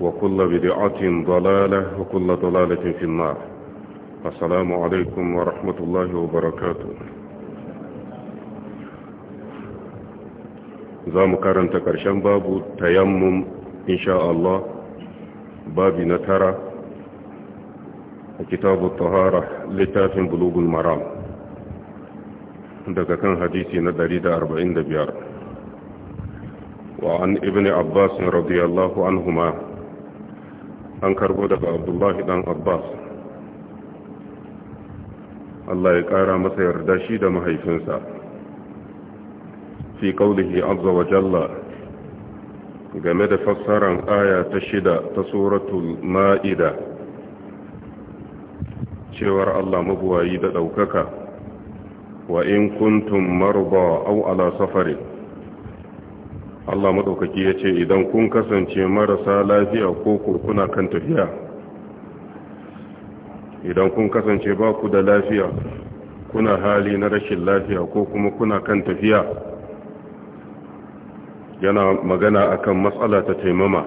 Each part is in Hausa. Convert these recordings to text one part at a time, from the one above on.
وكل بدعة ضلالة وكل ضلالة في النار السلام عليكم ورحمة الله وبركاته زام كارنت كرشان باب تيمم إن شاء الله باب نترى كتاب الطهارة لتاف بلوغ المرام عندك كان حديثي ندريد أربعين دبيار وعن ابن عباس رضي الله عنهما an karbo daga abdullahi dan abbas Allah ya ƙara masa yarda shi da mahaifinsa fi kaulihi azza wa jalla game da fassaran aya ta shida ta suratul ma'ida cewar Allah mabuwayi da ɗaukaka wa in kuntum marba au ala safarin Allah maɗaukaki ya ce idan kun kasance marasa lafiya ko kurkuna kan tafiya idan kun kasance ba ku da lafiya kuna hali na rashin lafiya ko kuma kuna kan tafiya yana magana akan matsala ta taimama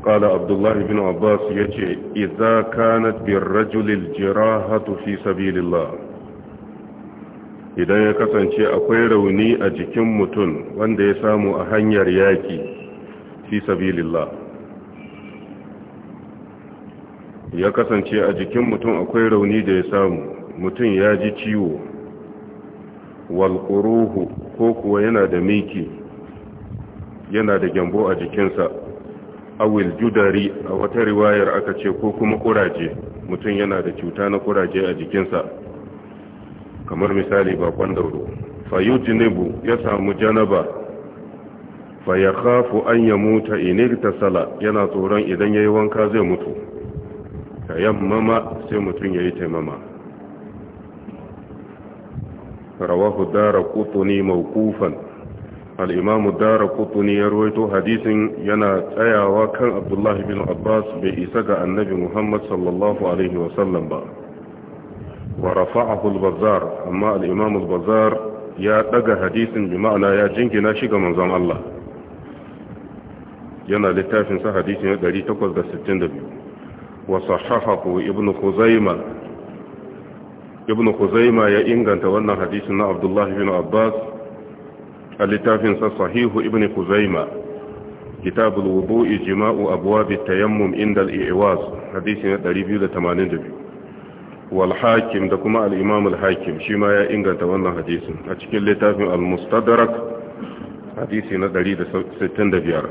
قال عبد الله بن عباس يجي إذا كانت بالرجل الجراحة في سبيل الله idan ya kasance akwai rauni a jikin mutum wanda ya samu a hanyar yaki, fi sabilillah ya kasance a jikin mutum akwai rauni da ya samu mutum ya ji ciwo walƙuruhu ko kuwa yana da miki yana da gyambo a jikinsa awil judari a wata riwayar aka ce ko kuma ƙuraje mutum yana da cuta na ƙuraje a jikinsa kamar misali bakon dauro fayujinibu ya samu janaba fayakafu kafu an ya muta inirta sala yana tsoron idan ya yi wanka zai mutu ka yammama sai mutum ya yi taimama rawahu dara kutuni mawkufan al'imamu dara kutuni ya ruwaito hadisin yana tsayawa kan abdullahi bin abbas bai isa ga annabi muhammad sallallahu alaihi wasallam ba wa rafa'ahu al-bazzar amma al-imam al-bazzar ya daga hadisin bi ya jingina shi ga manzon Allah yana littafin sa hadisi na 862 wa sahahahu ibn khuzaimah ibn khuzaimah ya inganta wannan hadisin na abdullah ibn abbas a littafin sa sahihu ibn khuzaimah kitab al-wudu'i jima'u abwab at-tayammum inda al-i'waz hadisi na 282 Walhakim da kuma al-imam hakim shi ya inganta wannan hadisin a cikin littafin al-mustadrak hadisi na 165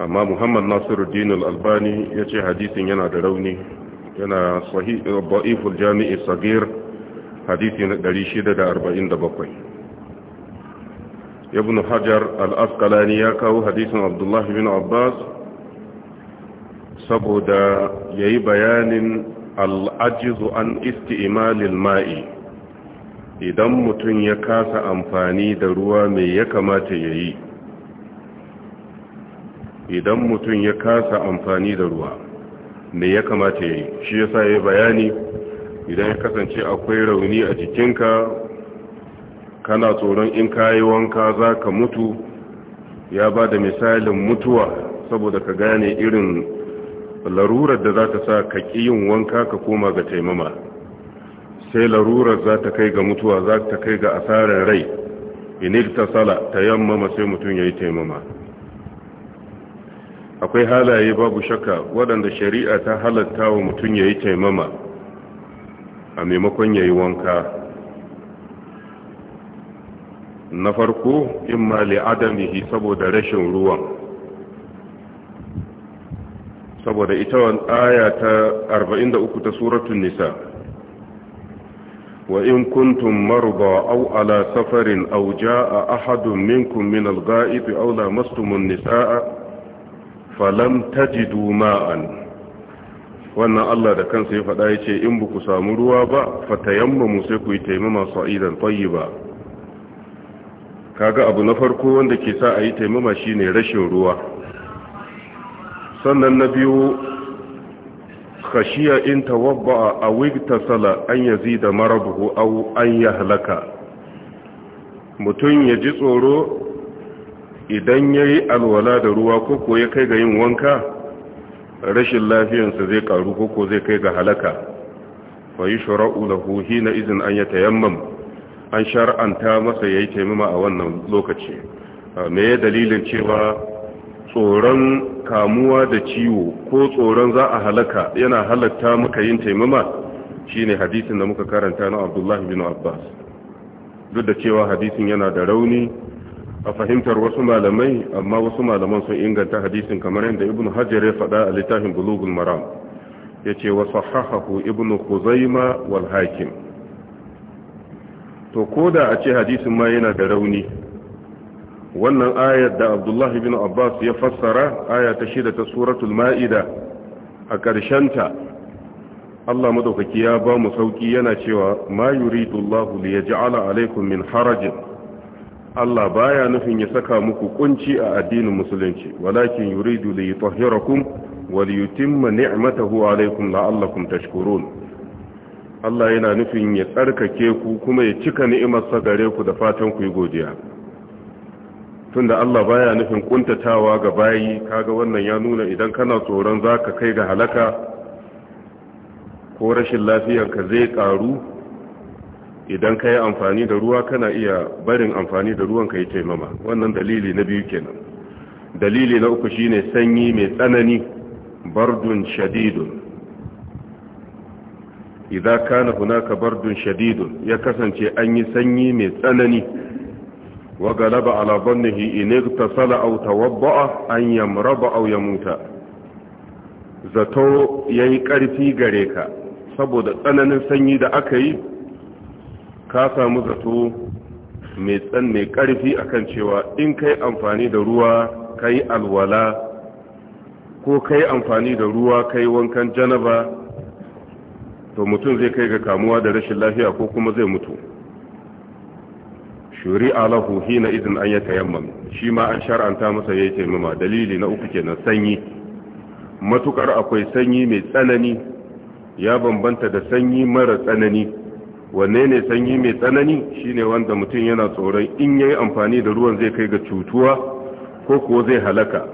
amma muhammad nasiruddin al-albani ya ce hadisin yana da rauni yana sahih da'iful jami'i sagir hadisi na 647 ibn hajar al askalani ya kawo hadisin abdullahi bin abbas saboda ya yi bayanin al'ajizu an isti'imalil ma'i idan mutum ya kasa amfani da ruwa mai ya kamata ya yi idan mutum ya kasa amfani da ruwa mai ya kamata ya yi shi ya sa ya bayani idan ya kasance akwai rauni a jikinka kana tsoron in kayi wanka za ka mutu ya ba da misalin mutuwa saboda ka gane irin larurar da za ta sa ka ƙi yin wanka ka koma ga taimama sai larurar za ta kai ga mutuwa za ta kai ga asarar rai inil ta sala ta yammama sai mutum ya yi taimama akwai halaye babu shakka waɗanda shari'a ta halatta wa mutum ya yi taimama a maimakon ya yi wanka na farko in ma li'adamihi saboda rashin ruwan saboda ita wani aya ta 43 ta suratun nisa وإن كنتم مرضى أو safarin سفر أو جاء أحد منكم من الغائط أو لامستم النساء فلم تجدوا ma'an. wannan Allah da kansa ya faɗa ya ce in ba ku samu ruwa ba fatayammamu sai ku yi taimama sa'idan tayyiba kaga abu na farko wanda ke sa a yi taimama shine rashin ruwa sannan na biyu khashiya in tawabba a wigtasala an yazi da marabuhu au an ya halaka mutum ya ji tsoro idan ya yi alwala da ruwa koko ya kai ga yin wanka rashin lafiyarsa zai karu koko zai kai ga halaka fayi shura'u lahu hina izin an ya an shar'anta masa ya yi taimama a wannan lokaci me ya dalilin cewa tsoron kamuwa da ciwo ko tsoron za a halaka yana halatta muka yin taimama shine hadisin da muka karanta na Abdullahi bin Abbas duk da cewa hadisin yana da rauni a fahimtar wasu malamai amma wasu malaman sun inganta hadisin kamar yadda Ibn Hajar ya faɗa a littafin Bulughul Maram yace wa sahahahu Ibn Khuzaimah wal Hakim to koda a ce hadisin ma yana da rauni wannan ayar da abdullahi ibn abbas ya fassara aya ta shida ta suratul ma'ida a ta allah madaukaki ya ba mu sauki yana cewa ma yuridullahu li yaj'ala alaikum min harajin allah baya nufin ya saka muku kunci a addinin musulunci walakin yuridu li yutahhirakum wa li yutimma ni'matahu alaikum la'allakum tashkurun allah yana nufin ya tsarkake ku kuma ya cika sa gare ku da fatan ku yi godiya tunda Allah baya nufin kuntatawa ga bayi kaga wannan ya nuna idan kana tsoron zaka kai ga halaka ko rashin lafiyarka zai karu idan ka yi amfani da ruwa kana iya barin amfani da ruwan ka yi taimama wannan dalili na biyu kenan dalili na uku shine sanyi mai tsanani bardun shadidun idan kana hunaka bardun shadidun ya kasance an yi sanyi mai tsanani wa galaba ala bannihi in igtasala aw tawadda'a an yamraba aw yamuta zato yayi karfi gare ka saboda tsananin sanyi da aka yi ka samu zato mai tsan mai karfi akan cewa in kai amfani da ruwa kai alwala ko kai amfani da ruwa kai wankan janaba to mutum zai kai ga kamuwa da rashin lafiya ko kuma zai mutu shuri'a lahu hina an ya tayammam shi ma an shar'anta masa ya taimama dalili na uku kenan sanyi matukar akwai sanyi mai tsanani ya bambanta da sanyi mara tsanani wanne ne sanyi mai tsanani shine wanda mutum yana tsoron in yayi amfani da ruwan zai kai ga cutuwa ko kuwa zai halaka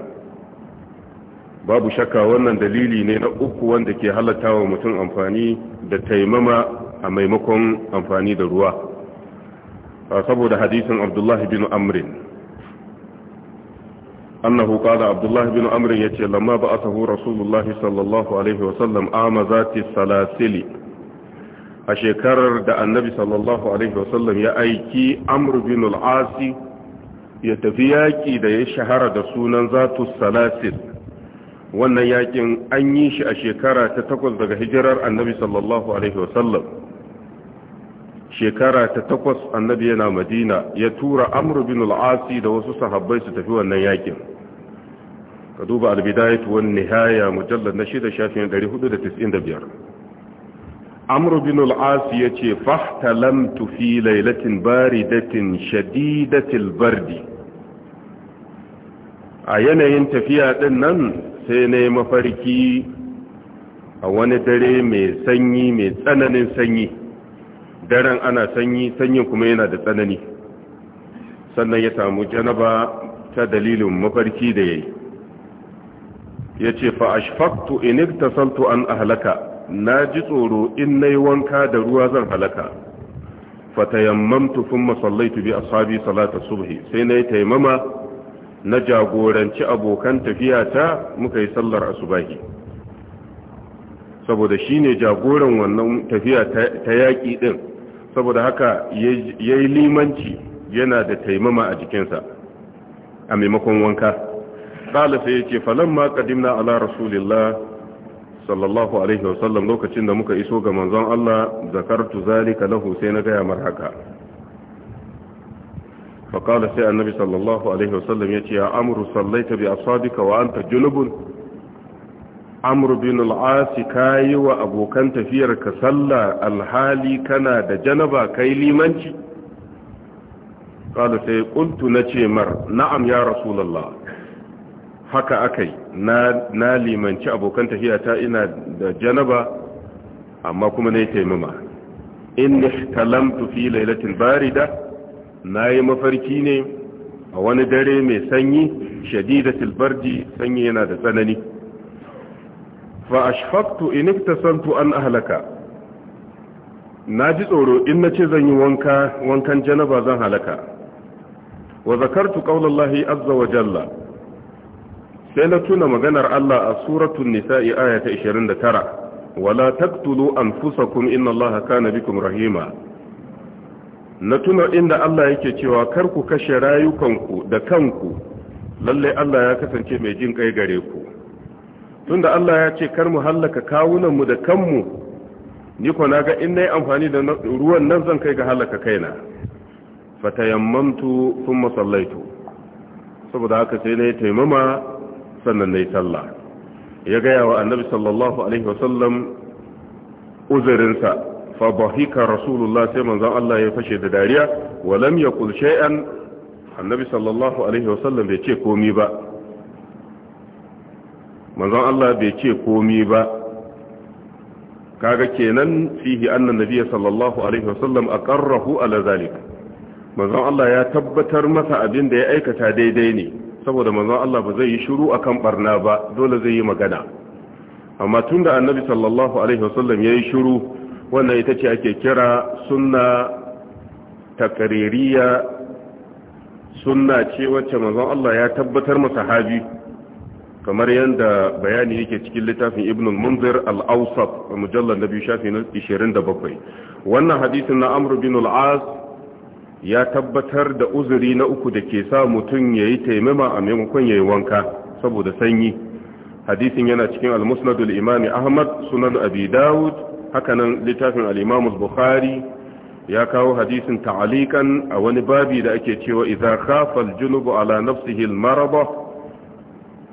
babu shakka wannan dalili ne na uku wanda ke halatta wa mutum amfani da taimama a maimakon amfani da ruwa saboda hadisin abdullahi bin amrin annahu qala abdullahi bin amrin ya yace lamma ba'athahu rasulullahi sallallahu alaihi wasallam amazati salasili a shekarar da annabi sallallahu alaihi wasallam ya aiki amur bin al-asi ya tafi yaƙi da ya shahara da sunan zatu salasil wannan yakin an yi shi a shekara ta takwas daga hijirar annabi sallallahu alaihi wasallam shekara ta takwas annabi yana madina ya tura amru bin al'asi da wasu sahabbai su tafi wannan yakin ka duba albidayatu wan nihaya mujallad na shida shafin 495 amru bin al'asi ya ce fahtalamtu fi bari baridatin shadidatil bardi a yanayin tafiya din nan sai na mafarki a wani dare mai sanyi mai tsananin sanyi daren ana sanyi sanyin kuma yana da tsanani sannan ya samu janaba ta dalilin mafarki da yayi yace fa ashfaqtu in tasaltu an ahalaka na ji tsoro in na wanka da ruwa zan halaka fatayammamtu thumma masallaitu bi ashabi salata subhi sai na yi taimama na jagoranci abokan tafiyata muka yi sallar asubahi saboda shine jagoran wannan tafiya ta yaki ɗin saboda haka ya yi limanci yana da taimama a jikinsa a maimakon wanka ɗalasa ya ce falamma ƙadimna ala rasulillah sallallahu alaihi wasallam lokacin da muka iso ga manzon Allah zakartu zalika lahu sai na gaya mar haka faƙala sai annabi sallallahu alaihi wasallam ya ce ya amuru sallaita bi ashabika wa anta junubun amr bin al ka kayi wa abokan tafiyar ka sallah alhali kana da janaba kai limanci qala sai qultu nace mar na'am ya rasulullah haka akai na na limanci abokan tafiyata ina da janaba amma kuma yi taimama inni ihtalamtu fi lailatin barida nayi mafarki ne a wani dare mai sanyi shadidatul bardi sanyi yana da tsanani fa ashfaqtu in iktasantu an halaka. na ji tsoro in na ce zan yi wanka wankan janaba zan halaka wa zakartu qaulallahi azza wa jalla sai na tuna maganar Allah a suratun nisa'i aya ta 29 wala taqtulu anfusakum inna allaha kana bikum rahima na tuna inda Allah yake cewa kar ku kashe rayukanku da kanku lalle Allah ya kasance mai jin kai gare ku tunda Allah ya ce kar mu hallaka mu da kanmu ni ko na ga in nayi amfani da ruwan nan zan kai ga hallaka kaina fatayammamtu thumma sallaitu saboda haka sai nayi taimama sannan nayi sallah ya ga yawa annabi sallallahu alaihi wasallam uzurinsa fa bahika rasulullah sai manzon Allah ya fashe da dariya wa lam yaqul shay'an annabi sallallahu alaihi wasallam bai ce komai ba manzon Allah bai ce komi ba kaga kenan fihi annan nabiy sallallahu alaihi wasallam aqarrahu ala zalika manzon Allah ya tabbatar masa abin da ya aikata daidai ne saboda manzon Allah ba zai yi shiru akan barna ba dole zai yi magana amma tunda annabi sallallahu alaihi wasallam yayi shiru wannan ita ce ake kira sunna takaririya sunna ce wacce manzon Allah ya tabbatar masa sahabi kamar yadda bayani yake cikin littafin ibn al-munzir al-awsat mujallal nabi shafi na 27 wannan hadisin na amr bin al-as ya tabbatar da uzuri na uku da ke sa mutum yayi taimama a maimakon yayi wanka saboda sanyi hadisin yana cikin al-musnad al ahmad sunan abi daud hakanan littafin al-imam al-bukhari ya kawo hadisin ta'alikan a wani babi da ake cewa idza khafa al-junub ala nafsihi al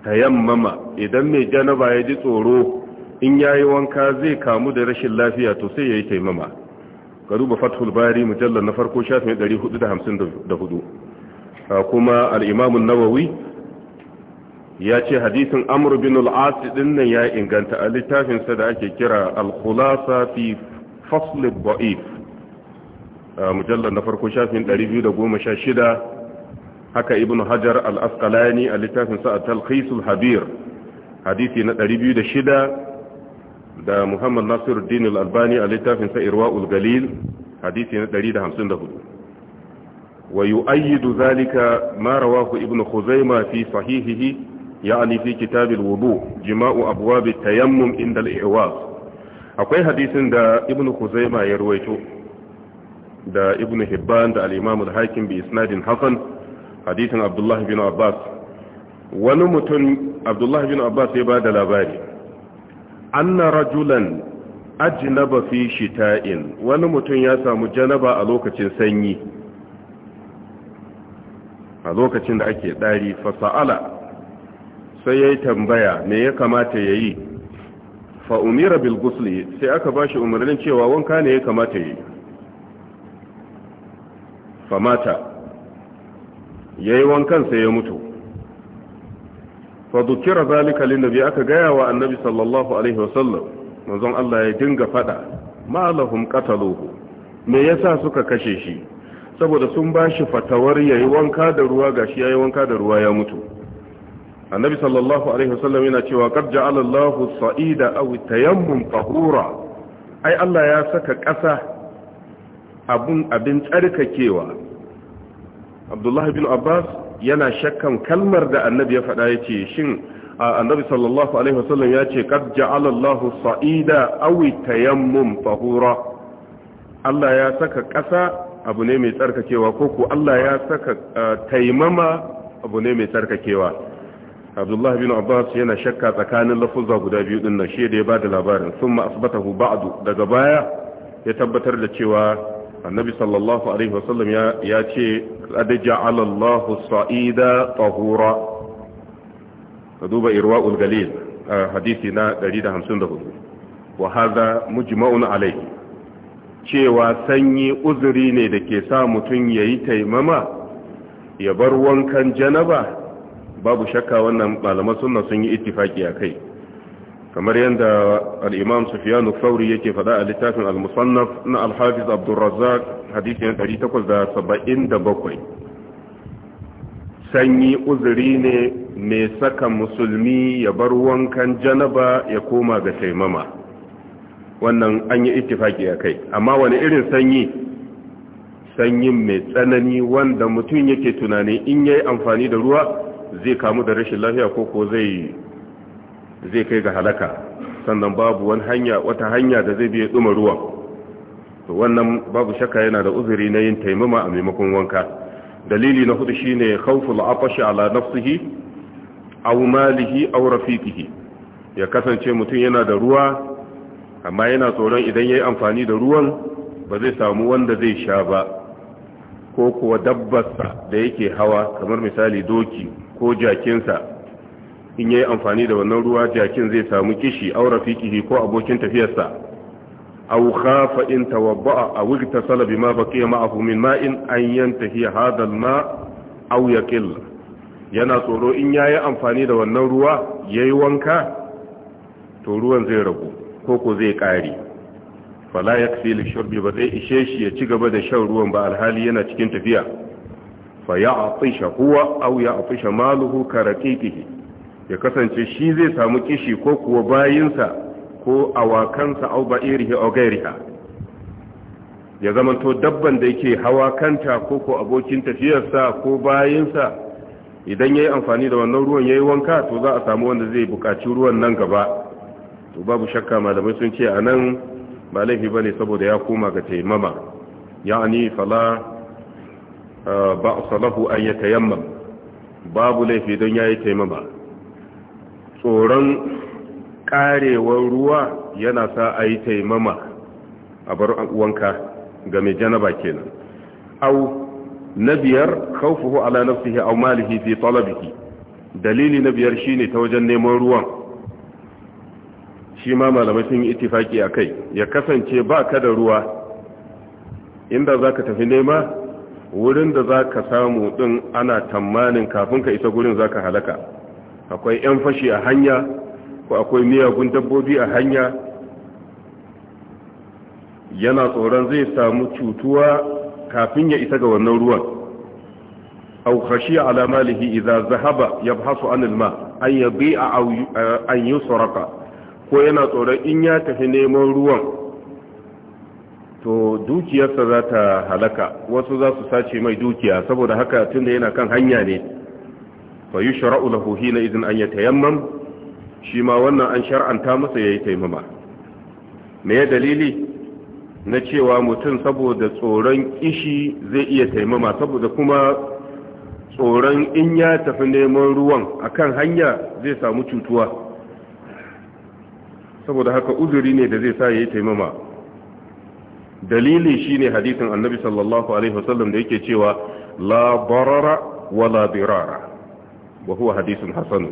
tayammama idan mai janaba ya ji tsoro in yayi wanka zai kamu da rashin lafiya to sai yayi taimama ka duba fathul bari mujallal na farko shafin 454 kuma al-imam an-nawawi ya ce hadisin amr bin al-as din nan ya inganta a littafin sa da ake kira al-khulasa fi fasl al daif mujallal na farko shafin 216 haka ibn hajar al-asqalani a littafinsa a talqisul habir hadisi na 206 da muhammad nasiruddin al-albani a littafinsa irwaul galil hadisi na 154 wa yu'ayyidu zalika ma rawahu ibn khuzaima fi sahihihi ya'ni fi kitab al-wudu jima'u abwab at-tayammum inda al-i'waz akwai hadisin da ibn khuzaima ya ruwaito da ibn hibban da al-imam al-hakim bi isnadin hasan hadithin abdullahi bin abbas wani mutum abdullahi bin abbas ya ba da labari anna rajulan ajnaba fi shita'in wani mutum ya samu janaba a lokacin sanyi a lokacin da ake ɗari fasa'ala sai ya yi tambaya me ya kamata ya yi fa'umira bilgusli sai aka ba shi umarnin cewa wanka ne ya kamata ya yi famata yayi wankan sai ya mutu fa dukira zalika lin nabi aka gaya wa annabi sallallahu alaihi wasallam manzon Allah ya dinga fada ma lahum qataluhu me yasa suka kashe shi saboda sun bashi fatawar yayi wanka da ruwa gashi yayi wanka da ruwa ya mutu annabi sallallahu alaihi wasallam yana cewa qad ja'ala Allahu sa'ida aw tayammum tahura ai Allah ya saka ƙasa abun abin tsarkakewa abdullahi bin abbas yana shakkan kalmar da annabi ya faɗa ya ce shin annabi sallallahu alaihi wasallam ya ce kad ja'alallahu sa'ida awi tayammum fahura Allah ya saka ƙasa abu ne mai tsarkakewa ko ko Allah ya saka taimama abu ne mai tsarkakewa abdullahi bin abbas yana shakka tsakanin lafuzza guda biyu din nan shi da ya bada labarin sun asbatahu ba'du daga baya ya tabbatar da cewa annabi sallallahu alaihi wasallam ya ce qad ja'ala Allahu sa'ida tahura ka duba irwaul galil hadisi na 154 wa hadha mujma'un alaihi cewa sanyi uzuri ne da ke sa mutum yayi taimama ya bar wankan janaba babu shakka wannan malaman sunna sun yi ittifaki kai. kamar yadda al'imam sufiyanu sauri yake fada a littafin al-musannaf na al-hafiz abdulrazzak hadisiyan 877 sanyi uzuri ne mai saka musulmi ya bar wankan janaba ya koma ga taimama wannan an yi ittifaki a kai amma wani irin sanyi sanyin mai tsanani wanda mutum yake tunani in yayi amfani da ruwa zai kamu da rashin lafiya ko ko zai da zai kai ga halaka sannan babu wani hanya wata hanya da zai biya duma ruwan to wannan babu shakka yana da uzuri na yin taimama a maimakon wanka dalili na hudu shine khawful afashi ala nafsihi aw malihi aw rafiqihi ya kasance mutum yana da ruwa amma yana tsoron idan yayi amfani da ruwan ba zai samu wanda zai sha ba ko kuwa dabbarsa da yake hawa kamar misali doki ko jakinsa in ya yayi amfani da wannan ruwa jakin zai samu kishi aw rafiqihi ko abokin tafiyarsa aw khafa in tawabba'a aw igtasala bima baqiya ma'ahu min ma'in an yantahi hadha al-ma' aw yaqil yana tsoro in yayi amfani da wannan ruwa yayi wanka to ruwan zai rabu ko ko zai kare fala yakfi shurbi ba zai ishe shi ya ci gaba da shan ruwan ba alhali yana cikin tafiya fa ya'tisha huwa aw ya'tisha maluhu ka ya kasance shi zai samu kishi ko kuwa bayinsa ko awakansa au ba'irihi au gairiha ya zamanto dabban da yake hawa kanta ko ko abokin tafiyarsa ko bayinsa idan yayi amfani da wannan ruwan yayi wanka to za a samu wanda zai bukaci ruwan nan gaba to babu shakka malamai sun ce nan ba laifi bane saboda ya koma ga taimama ya'ani fala eh, ba'sa lahu an babu laifi don yayi taimama tsoron karewar ruwa yana sa a yi taimama a bar wanka ga mai janaba kenan au na biyar khawfuhu ala nafsihi aw malihi fi talabihi dalili na biyar shine ta wajen neman ruwan shi ma malamai sun yi a kai. ya kasance ba ka da ruwa inda za ka tafi nema wurin da za ka samu din ana tamanin kafin ka isa gurin ka halaka akwai 'yan fashi a hanya ko akwai miyagun dabbobi a hanya yana tsoron zai samu cutuwa kafin ya isa ga wannan ruwan au khashi ala malihi idza zahaba yabhasu an alma an yabi'a aw an yusraqa ko yana tsoron in ya tafi neman ruwan to dukiyarsa za ta halaka wasu za su sace mai dukiya saboda haka tunda yana kan hanya ne fa yushra'u lahu hina idin an yatayammam shi ma wannan an shar'anta masa ya yi taimama me ya dalili na cewa mutum saboda tsoron kishi zai iya taimama saboda kuma tsoron in ya tafi neman ruwan akan hanya zai samu cutuwa saboda haka uzuri ne da zai sa ya yi taimama dalili shine hadisin annabi sallallahu alaihi wasallam da yake cewa la barara wala dirara wa huwa hadisun hasanu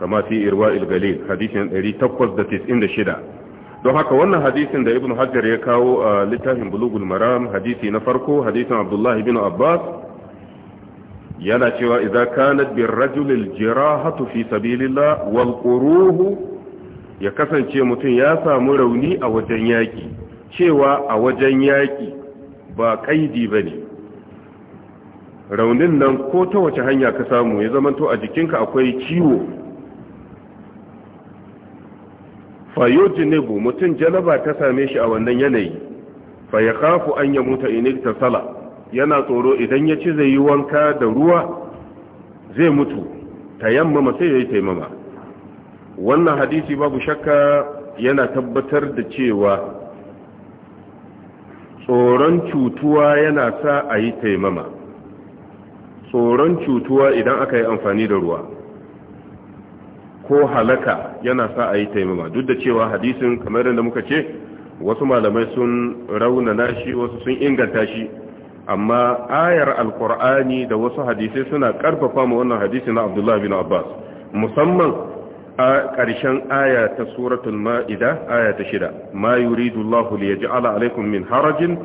kama fi irwa ilgalil hadisin shida don haka wannan hadisin da ibn hajjar ya kawo a littafin bulugul maram hadisi na farko hadisin abdullahi bin abbas yana cewa idza kanat bir rajulil jirahatu fi sabilillah wal ya kasance mutum ya samu rauni a wajen yaki cewa a wajen yaki ba kaidi ne. raunin nan ko ta wace hanya ka samu ya zamanto a jikinka akwai ciwo fayojinibu mutum jalaba ta same shi a wannan yanayi fa ya kafu an ya mutu inik ta sala yana tsoro idan ya ci zai yi wanka da ruwa zai mutu ma sai ya yi taimama wannan hadisi babu shakka yana tabbatar da cewa tsoron cutuwa yana sa a yi taimama tsoron cutuwa idan aka yi amfani da ruwa ko halaka yana sa a yi taimama duk da cewa hadisin kamar yadda muka ce wasu malamai sun raunana shi wasu sun inganta shi amma ayar alkur'ani da wasu hadisai suna karfafa ma wannan hadisi na abdullah bin abbas musamman a ƙarshen aya ta suratul ma'ida aya ta shida ma yuridullahu liyaj'ala alaikum min harajin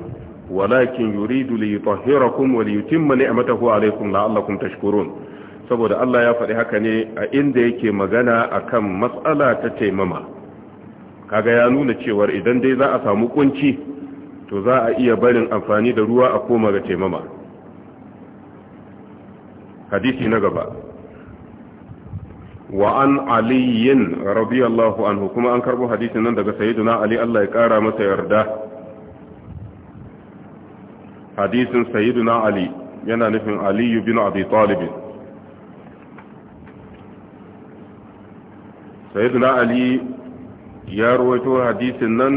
walakin yuridu li yutahhirakum wa li yutimma ni'matahu alaykum la'allakum tashkurun saboda Allah ya faɗi haka ne a inda yake magana akan matsala ta taimama kaga ya nuna cewar idan dai za a samu kunci to za a iya barin amfani da ruwa a koma ga taimama hadisi na gaba wa an aliyin radiyallahu anhu kuma an karbo hadisi nan daga sayyiduna ali Allah ya kara masa yarda hadisin sayyiduna ali yana nufin aliyu bin abi talibin sayyiduna ali ya ruwaito hadisin nan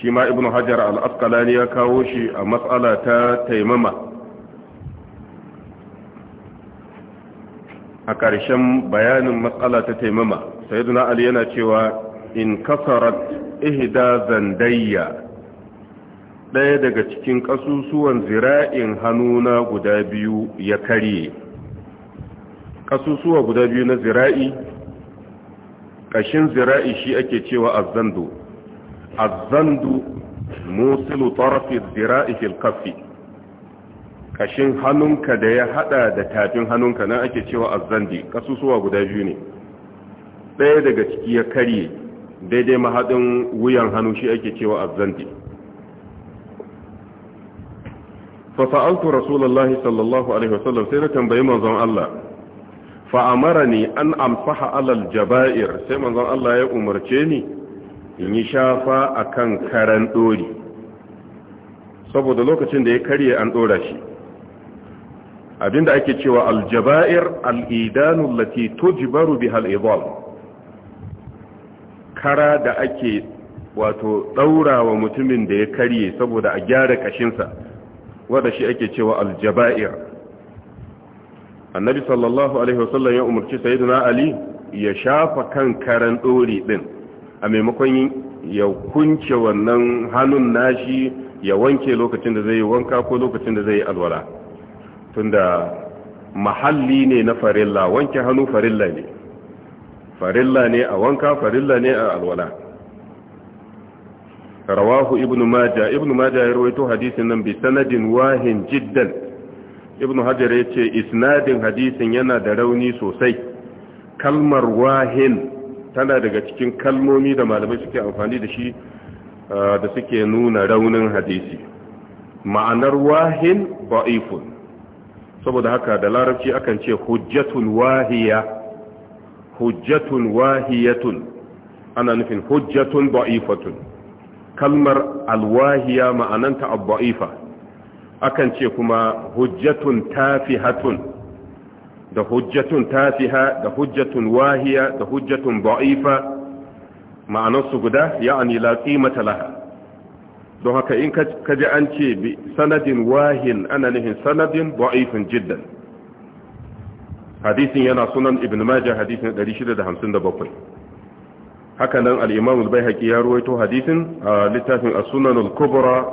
shima ma ibn hajar al ya kawo shi a matsala ta taimama a ƙarshen bayanin matsala ta taimama sayyiduna ali yana cewa in kasarat ihda zandayya ɗaya daga cikin ƙasusuwan zira'in hannuna guda biyu ya karye ƙasusuwa guda biyu na zira'i ƙashin zira'i shi ake cewa azzandu azzandu musulu tarafi zira'i filkafi ƙashin hannunka da ya hada da tafin hannunka na ake cewa azzandi ƙasusuwa guda biyu ne ɗaya daga ciki ya karye daidai mahaɗin wuyan hannu shi ake cewa azzandi fasa'altu sa'altu rasulullahi sallallahu alaihi wasallam sai na tambayi manzon Allah fa ne an amsaha alal jaba'ir sai manzon Allah ya umarce ni in yi shafa akan karan dori saboda lokacin da ya karye an dora shi abinda ake cewa aljaba'ir al'idanu lati tujbaru biha al'idham kara da ake wato daurawa mutumin da ya karye saboda a gyara kashinsa wanda shi ake cewa aljaba'ir annabi sallallahu alaihi wasallam ya umarci sayyidina ali ya shafa kan karan dori din a maimakon ya kunce wannan hannun nashi ya wanke lokacin da zai yi wanka ko lokacin da zai yi alwala tunda mahalli ne na farilla wanke hannu farilla ne farilla ne a wanka farilla ne a alwala rawahu ibn majah ibn majah ya rawaito hadisin nan bi sanadin wahin jiddan ibn hajar ya ce isnadin hadisin yana da rauni sosai kalmar wahin tana daga cikin kalmomi da malamai suke amfani da shi da suke nuna raunin hadisi ma'anar wahin ba'ifun saboda haka da larabci akan ce hujjatun wahiya hujjatun wahiyatun ana nufin hujjatun ba'ifatun kalmar alwahiya ma'ananta abba'ifa akan ce kuma hujjatun tafihatun da hujjatun tafiha da hujjatun wahiya da hujjatun ba'ifa ma'anarsu guda ya'ani la qimata laha don haka in ka an ce sanadin wahin ana nihin sanadin ba'ifin jiddan hadisin yana sunan ibn majah hadisin 657 haka nan al-imam ya ruwaito hadisin a littafin as-sunan al-kubra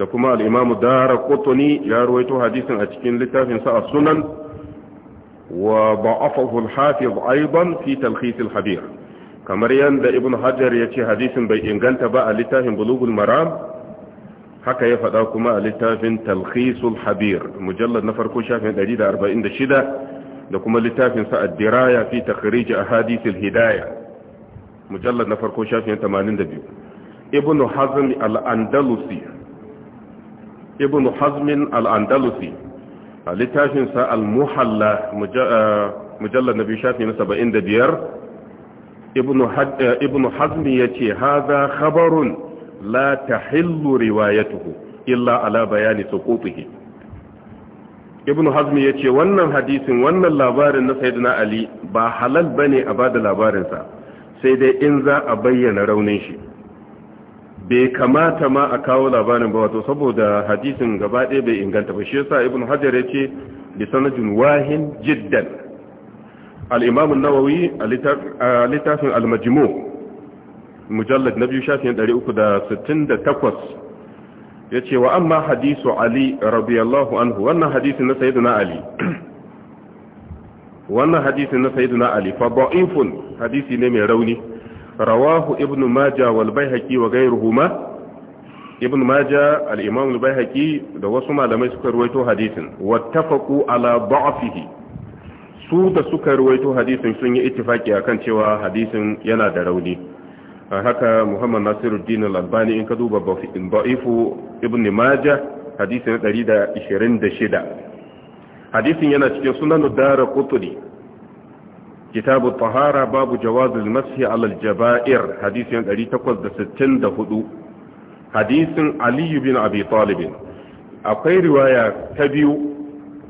da kuma al'imamu dara kotoni ya ruwaito hadisin a cikin littafin sa as-sunan wa ba'afahu hafiz aidan fi talkhis habir kamar yadda ibn hajar ce hadisin bai inganta ba a littafin bulugul maram haka ya faɗa kuma a littafin talkhisul habir mujallar na farko shafin 146 da kuma littafin sa'ad diraya fi takhrij ahadithil hidaya mujallar na farko shafin 82 ibn hazm al-andalusi ibn hazmin al-andalusi a littafinsa al-muhalla eh, mujallar na biyu shafin 75 ibn hazm ya ce haza khabarun la ta tahillu riwayatuhu illa ala bayani suqutihi ibn hazmi ya ce wannan hadisin wannan labarin na sayyidina ali ba halal bane a bada labarinsa sai dai in za a bayyana raunin shi bai kamata ma a kawo labarin ba wato saboda hadisin gaba ɗaya bai inganta ba shi yasa ibn hajar ya ce bi sanadin wahin jiddan al-imam an-nawawi a littafin al-majmu mujallad na biyu shafin 368 yace wa amma hadisu ali radiyallahu anhu wannan hadisin na sayyidina ali wannan hadisin na sayyidina ali fa da'ifun hadisi ne mai rauni rawahu ibnu maja wal baihaqi wa ghayruhuma ibnu maja al imam al baihaqi da wasu malamai suka ruwaito hadisin wattafaqu ala da'fihi su da suka ruwaito hadisin sun yi ittifaki akan cewa hadisin yana da rauni haka muhammad nasiruddin al-albani in ka duba da'ifu ibnu maja da 126 hadisin yana cikin sunan dara kuturi kitabu tahara babu jawazul masih alal jaba'ir hadisin 864 hadisin ali bin abi talib akwai riwaya ta biyu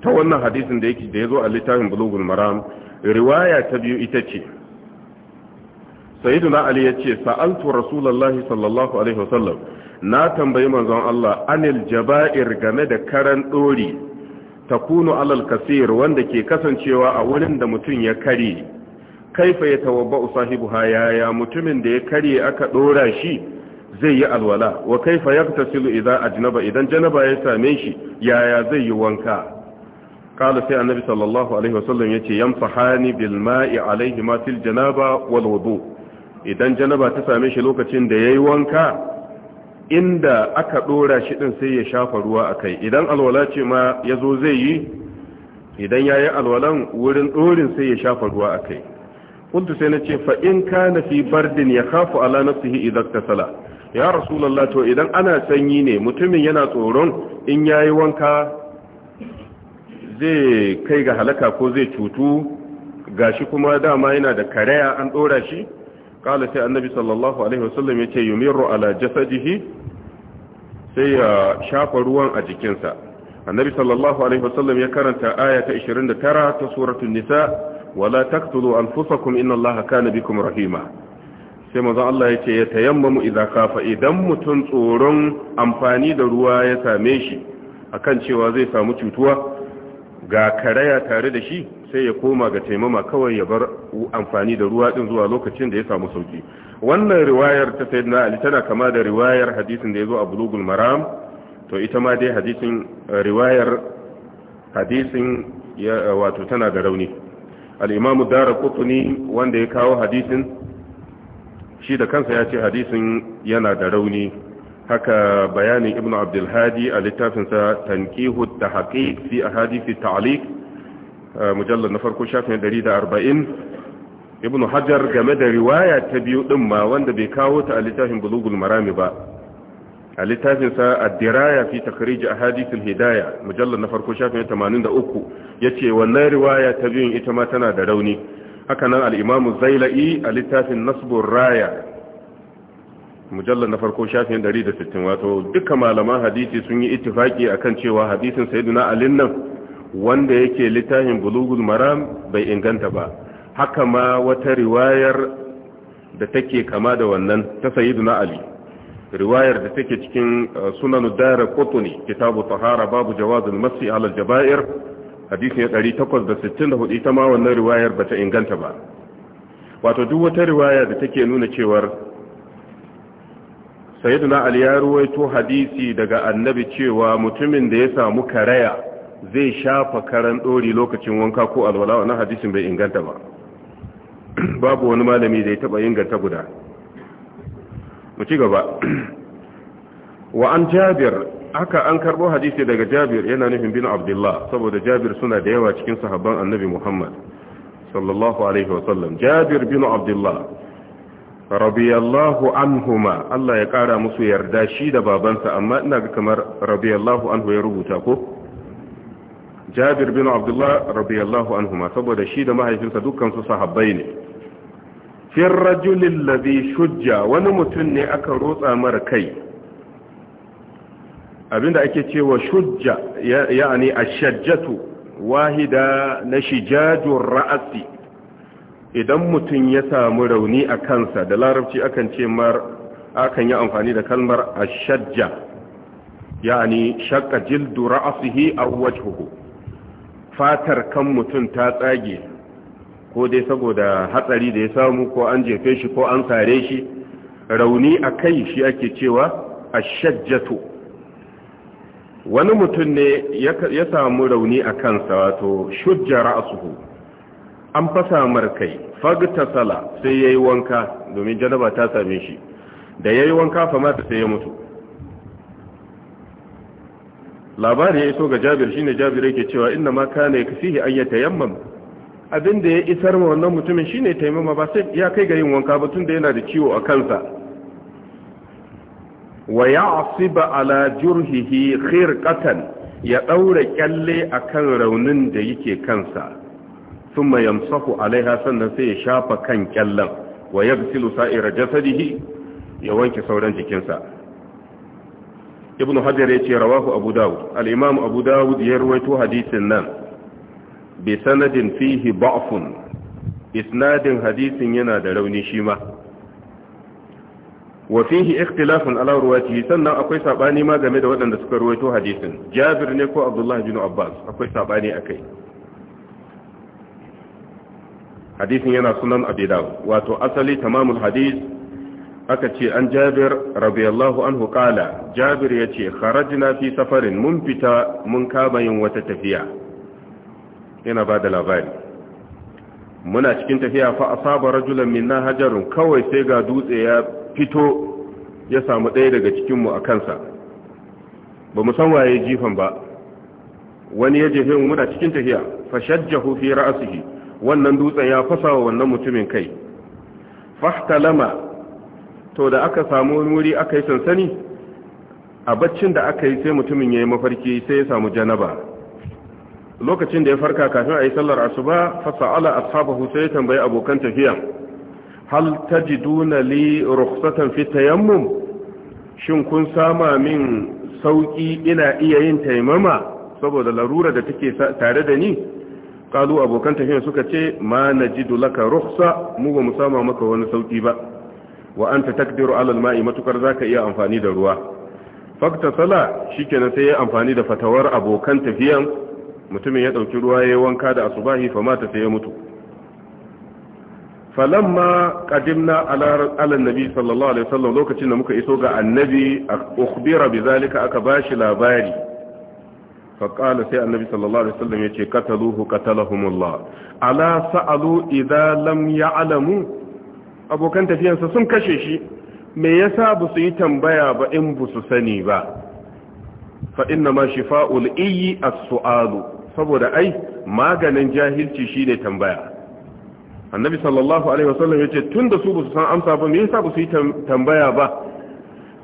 ta wannan hadisin da yake da yazo a littafin bulugul maram riwaya ta biyu ita ce sayyiduna ali yace sa'altu rasulullahi sallallahu alaihi wasallam na tambayi manzon Allah anil jaba'ir game da karan dori takunu alal kasir wanda ke kasancewa a wurin da mutum ya kare kaifa ya tawabba sahibuha yaya mutumin da ya kare aka dora shi zai yi alwala wa kaifa yaktasilu idza ajnaba idan janaba ya same shi yaya zai yi wanka kala sai annabi sallallahu alaihi wasallam yace yamsahani bil ma'i alaihi ma fil janaba wal wudu idan janaba ta same shi lokacin da yayi wanka inda aka dora shi din sai ya shafa ruwa akai idan alwala ce ma yazo zai yi idan yayi alwalan wurin dorin sai ya shafa ruwa akai kuntu sai na ce fa in kana fi bardin yakhafu ala nafsihi idza tasala ya rasulullah to idan ana sanyi ne mutumin yana tsoron in yayi wanka zai kai ga halaka ko zai cutu gashi kuma dama yana da karaya an dora shi kala sai annabi sallallahu alaihi wasallam yace yumiru ala jasadihi sai ya shafa ruwan a jikinsa annabi sallallahu alaihi wasallam ya karanta aya ta 29 ta suratul nisa wala taqtulu anfusakum inna allaha kana bikum rahima sai manzon Allah yace ya tayammamu idza kafa idan mutun tsoron amfani da ruwa ya same shi akan cewa zai samu cutuwa ga karaya tare da shi sai ya koma ga taimama kawai ya bar amfani da ruwa din zuwa lokacin da ya samu sauki wannan riwayar ta sayyidina ali tana kama da riwayar hadisin da yazo a bulugul maram to ita ma dai hadisin eh, riwayar hadisin wato tana da rauni al-imamu daraqutni wanda ya kawo hadisin shi da kansa ya ce hadisin yana da rauni haka bayanin ibn abdulhadi a littafinsa tankihu da haƙi fi a fi ta'alik mujallar na farko shafin 140 ibn hajar game da riwaya ta biyu ɗin ma wanda bai kawo ta a littafin bulugul marami ba a littafinsa addiraya fi takariji a hadisul hidaya mujallar na farko shafin 83 ya ce wannan riwaya ta biyun ita ma tana da rauni hakanan al'imamu zaila'i a littafin nasbun raya mujallar na farko shafin 160 wato duka malaman hadisi sun yi ittifaki akan cewa hadisin sayyiduna alin nan wanda yake littafin bulugul maram bai inganta ba haka ma wata riwayar da take kama da wannan ta sayyiduna ali riwayar da take cikin uh, sunanu dara qutni kitabu tahara babu jawazul masi ala jabair hadisi ya 864 ita ma wannan riwayar bata inganta ba wato duk wata riwaya da take nuna cewar sayyiduna ali ya ruwaito hadisi daga annabi cewa mutumin da ya samu karaya zai shafa karan dori lokacin wanka ko alwala wannan hadisin bai inganta ba babu wani malami da ya taba inganta guda mu ci gaba wa an jabir haka an karbo hadisi daga jabir yana nufin bin abdullah saboda jabir suna da yawa cikin sahabban annabi muhammad sallallahu alaihi jabir bin abdullah radiyallahu anhuma Allah ya kara musu yarda shi da babansa amma ina ga kamar radiyallahu anhu ya rubuta ko Jabir bin Abdullah radiyallahu anhuma saboda shi da mahaifinsa dukkan su sahabbai ne fir rajulil ladhi shujja wani mutum ne aka rotsa mara kai abinda ake cewa shujja ya'ani ashajjatu wahida na shijajur ra'asi idan mutum ya samu rauni a kansa da larabci akan ce mar akan yi amfani da kalmar ashajja yani shaqqa jildu ra'sihi aw wajhuhu fatar kan mutum ta tsage ko dai saboda hatsari da ya samu ko an jefe shi ko an sare shi rauni a kai shi ake cewa ashajjatu wani mutum ne ya samu rauni a kansa wato shujja ra'suhu an fasa markai fagtasala sai yayi wanka domin janaba ta same shi da yayi wanka fa mata sai ya mutu labari ya iso ga Jabir shine Jabir yake cewa inna ma kana kasihi an yatayammam abinda ya isar ma wannan mutumin shine taimama ba sai ya kai ga yin wanka ba tunda yana da ciwo a kansa wa ya'siba ala jurhihi khirqatan ya daura kyalle akan raunin da yake kansa sun yamsahu alaiha sannan sai ya shafa kan kyallan wa ya bisilu sa'ira jasadihi ya wanke sauran jikinsa ibn hajar ya ce rawahu abu dawud al'imam abu dawud ya ruwaito hadisin nan bi sanadin fihi ba'fun isnadin hadisin yana da rauni shi ma wa fihi ikhtilafun ala ruwatihi sannan akwai sabani ma game da waɗanda suka ruwaito hadisin jabir ne ko abdullahi bin abbas akwai sabani akai hadisin yana sunan abi wato asali tamamul hadis aka ce an jabir radiyallahu anhu kala jabir yace kharajna fi safarin mun fita mun kama yin wata tafiya yana da labari muna cikin tafiya fa asaba rajulan minna hajarun kawai sai ga dutse ya fito ya samu ɗaya daga cikinmu a kansa ba mu san waye jifan ba wani ya jefe mu muna cikin tafiya fa shajjahu fi ra'sihi wannan dutsen ya fasa wa wannan mutumin kai fahtalama to da aka samu wuri aka yi sansani a baccin da aka yi sai mutumin ya yi mafarki sai ya samu janaba lokacin da ya farka kafin a yi sallar asuba ala ashabahu sai ya tambayi abokan tafiya hal tajiduna li rukhsatan fi tayammum shin kun sama min sauki ina iya yin taimama saboda larura da take tare da ni kalu abokan tafiyar suka ce ma najidu laka ruhsa mu ba mu sama maka wani sauki ba wa anta takdiru ala alma'i matukar zaka iya amfani da ruwa fakta sala shikenan sai ya amfani da fatawar abokan tafiyan mutumin ya dauki ruwa ya wanka da asubahi fa mata sai ya mutu falamma qadimna ala ala annabi sallallahu alaihi wasallam lokacin da muka iso ga annabi ukhbira bizalika aka bashi labari faƙala sai annabi sallallahu alaihi wasallam ya ce kataluhu katalahumullah ala sa'alu idza lam abokan tafiyansa sun kashe shi me yasa ba yi tambaya ba in ba sani ba fa inna ma shifa'ul iyyi saboda ai maganin jahilci shine tambaya annabi sallallahu alaihi wasallam yace tunda su ba su san amsa ba me yasa ba yi tambaya ba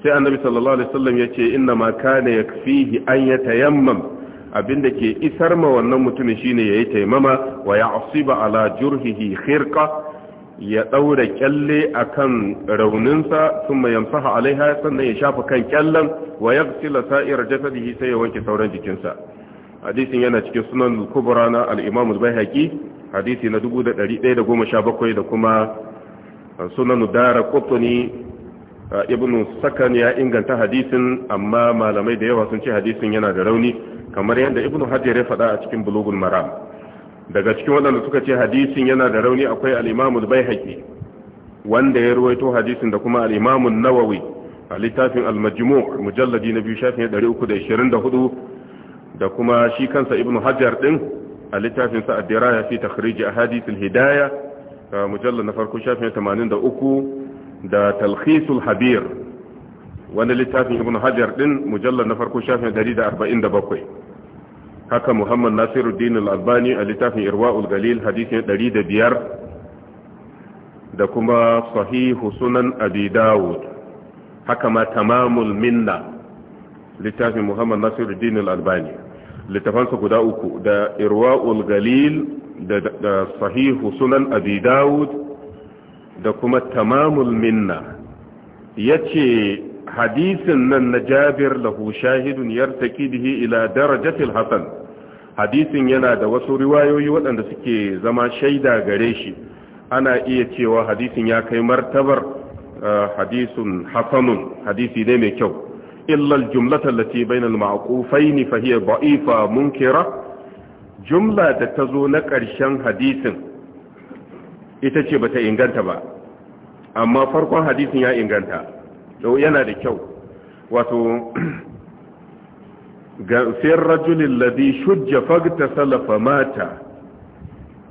sai annabi sallallahu alaihi wasallam yace inna ma kana yakfihi an yatayammam abinda ke isar ma wannan mutumin shine yayi taimama wa ya'siba ala jurhihi khirqa ya daura kyalle akan rauninsa thumma yamsaha alaiha sannan ya shafa kan kyallan wa yaghsila sa'ir jasadihi sai ya wanke sauran jikinsa hadisin yana cikin sunan al-kubra na al-imam al-baihaqi hadisi na 1117 da kuma sunan daraqutni ibn sakan ya inganta hadisin amma malamai da yawa sun ce hadisin yana da rauni kamar yadda ibn hajar ya faɗa a cikin bulugun maram daga cikin waɗanda suka ce hadisin yana da rauni akwai al bai al wanda ya ruwaito hadisin da kuma al nawawi a littafin al-majmu' mujalladi na biyu shafin 324 da kuma shi kansa ibn hajar din a littafin sa ad-diraya fi takhrij ahadith al-hidayah mujallad na farko shafin 83 da talkhisul habir wani littafin ibn hajar din mujallar na farko shafin 147 haka muhammad nasiruddin al-albani a littafin irwa'ul galil hadisin 105 da kuma sahihu sunan Abidawud, haka ma tamamul minna littafin muhammad nasiruddin al-albani littafansa guda uku da irwa'ul galil da sahihu sunan Abidawud da kuma tamamul minna yace hadisin nan na jabir lahu shahidun yartaqidihi ila darajatil hasan hadisin yana da wasu riwayoyi waɗanda suke zama shaida gare shi ana iya cewa hadisin ya kai martabar uh, hadisun hasanun hadisi ne mai kyau illa jumlata allati bayna alma'qufaini fa hiya da'ifa munkira jumla da tazo na ƙarshen hadisin ita ce bata inganta ba amma farkon hadisin ya inganta yana da kyau wato ga fiyar rajulin ladi shujja fagta salafa mata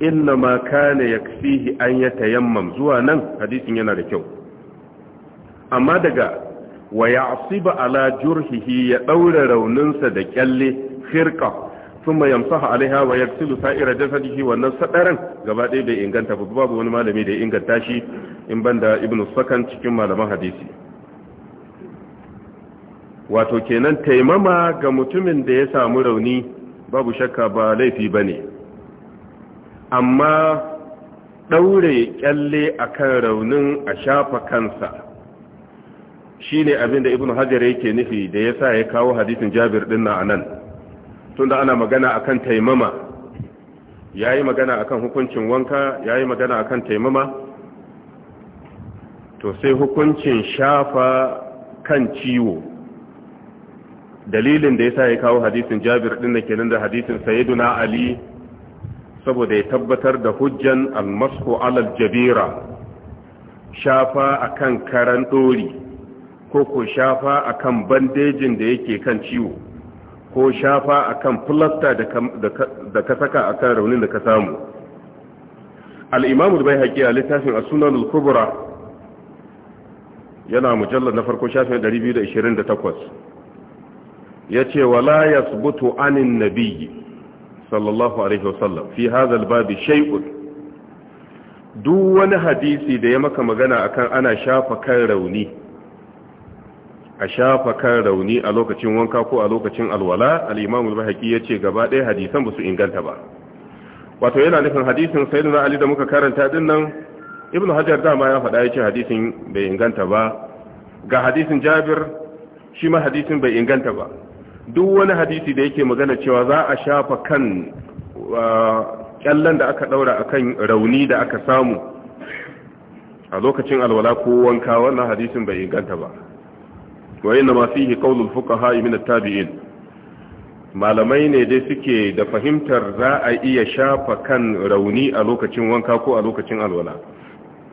inna ma kane ya fihi an ya tayammam zuwa nan hadisin yana da kyau amma daga wa ya asiba ala jurhihi ya ɗaure rauninsa da kyalle firka sun mai yamsaha alaiha wa ya tsilu sa'ira jasadihi wannan sadaran gaba ɗaya bai inganta babu wani malami da ya inganta shi in banda ibn sakan cikin malaman hadisi wato kenan taimama ga mutumin da ya samu rauni babu shakka ba laifi ba ne amma ɗaure ƙyalle a kan raunin a shafa kansa shi ne abin da ibn hajar yake nufi da ya sa ya kawo hadisin jabir ɗin na anan tun da ana magana a kan taimama ya yi magana a kan hukuncin wanka ya yi magana a kan taimama to sai hukuncin shafa kan ciwo dalilin da ya sa ya kawo hadisin Jabir ɗin da kenan da hadisin Sayyiduna Ali saboda ya tabbatar da hujjan al-masku alal jabira shafa akan karan dori ko ko shafa akan bandejin da yake kan ciwo ko shafa akan plasta da ka saka kan raunin da ka samu al-imamu bai haƙi a littafin as-sunan al yana mujallar na farko shafin 228 ya ce wala ya subutu anin nabiyyi sallallahu alaihi wasallam fi hazal babi shay'un duk wani hadisi da ya maka magana akan ana shafa kan rauni a shafa kan rauni a lokacin wanka ko a lokacin alwala al-imam al-bahaqi yace gaba ɗaya hadisan ba su inganta ba wato yana nufin hadisin sayyidina ali da muka karanta din nan ibnu hajar dama ya faɗa yace hadisin bai inganta ba ga hadisin jabir shi ma hadisin bai inganta ba duk wani hadisi da yake magana cewa za a shafa kan uh, kyallan da aka ɗaura a kan rauni da aka samu a lokacin alwala ko wanka wannan hadisin bai inganta ba wa masu yi fihi fuka fuqaha min tabiin malamai ne dai suke da fahimtar za a iya shafa kan rauni a lokacin wanka ko a lokacin alwala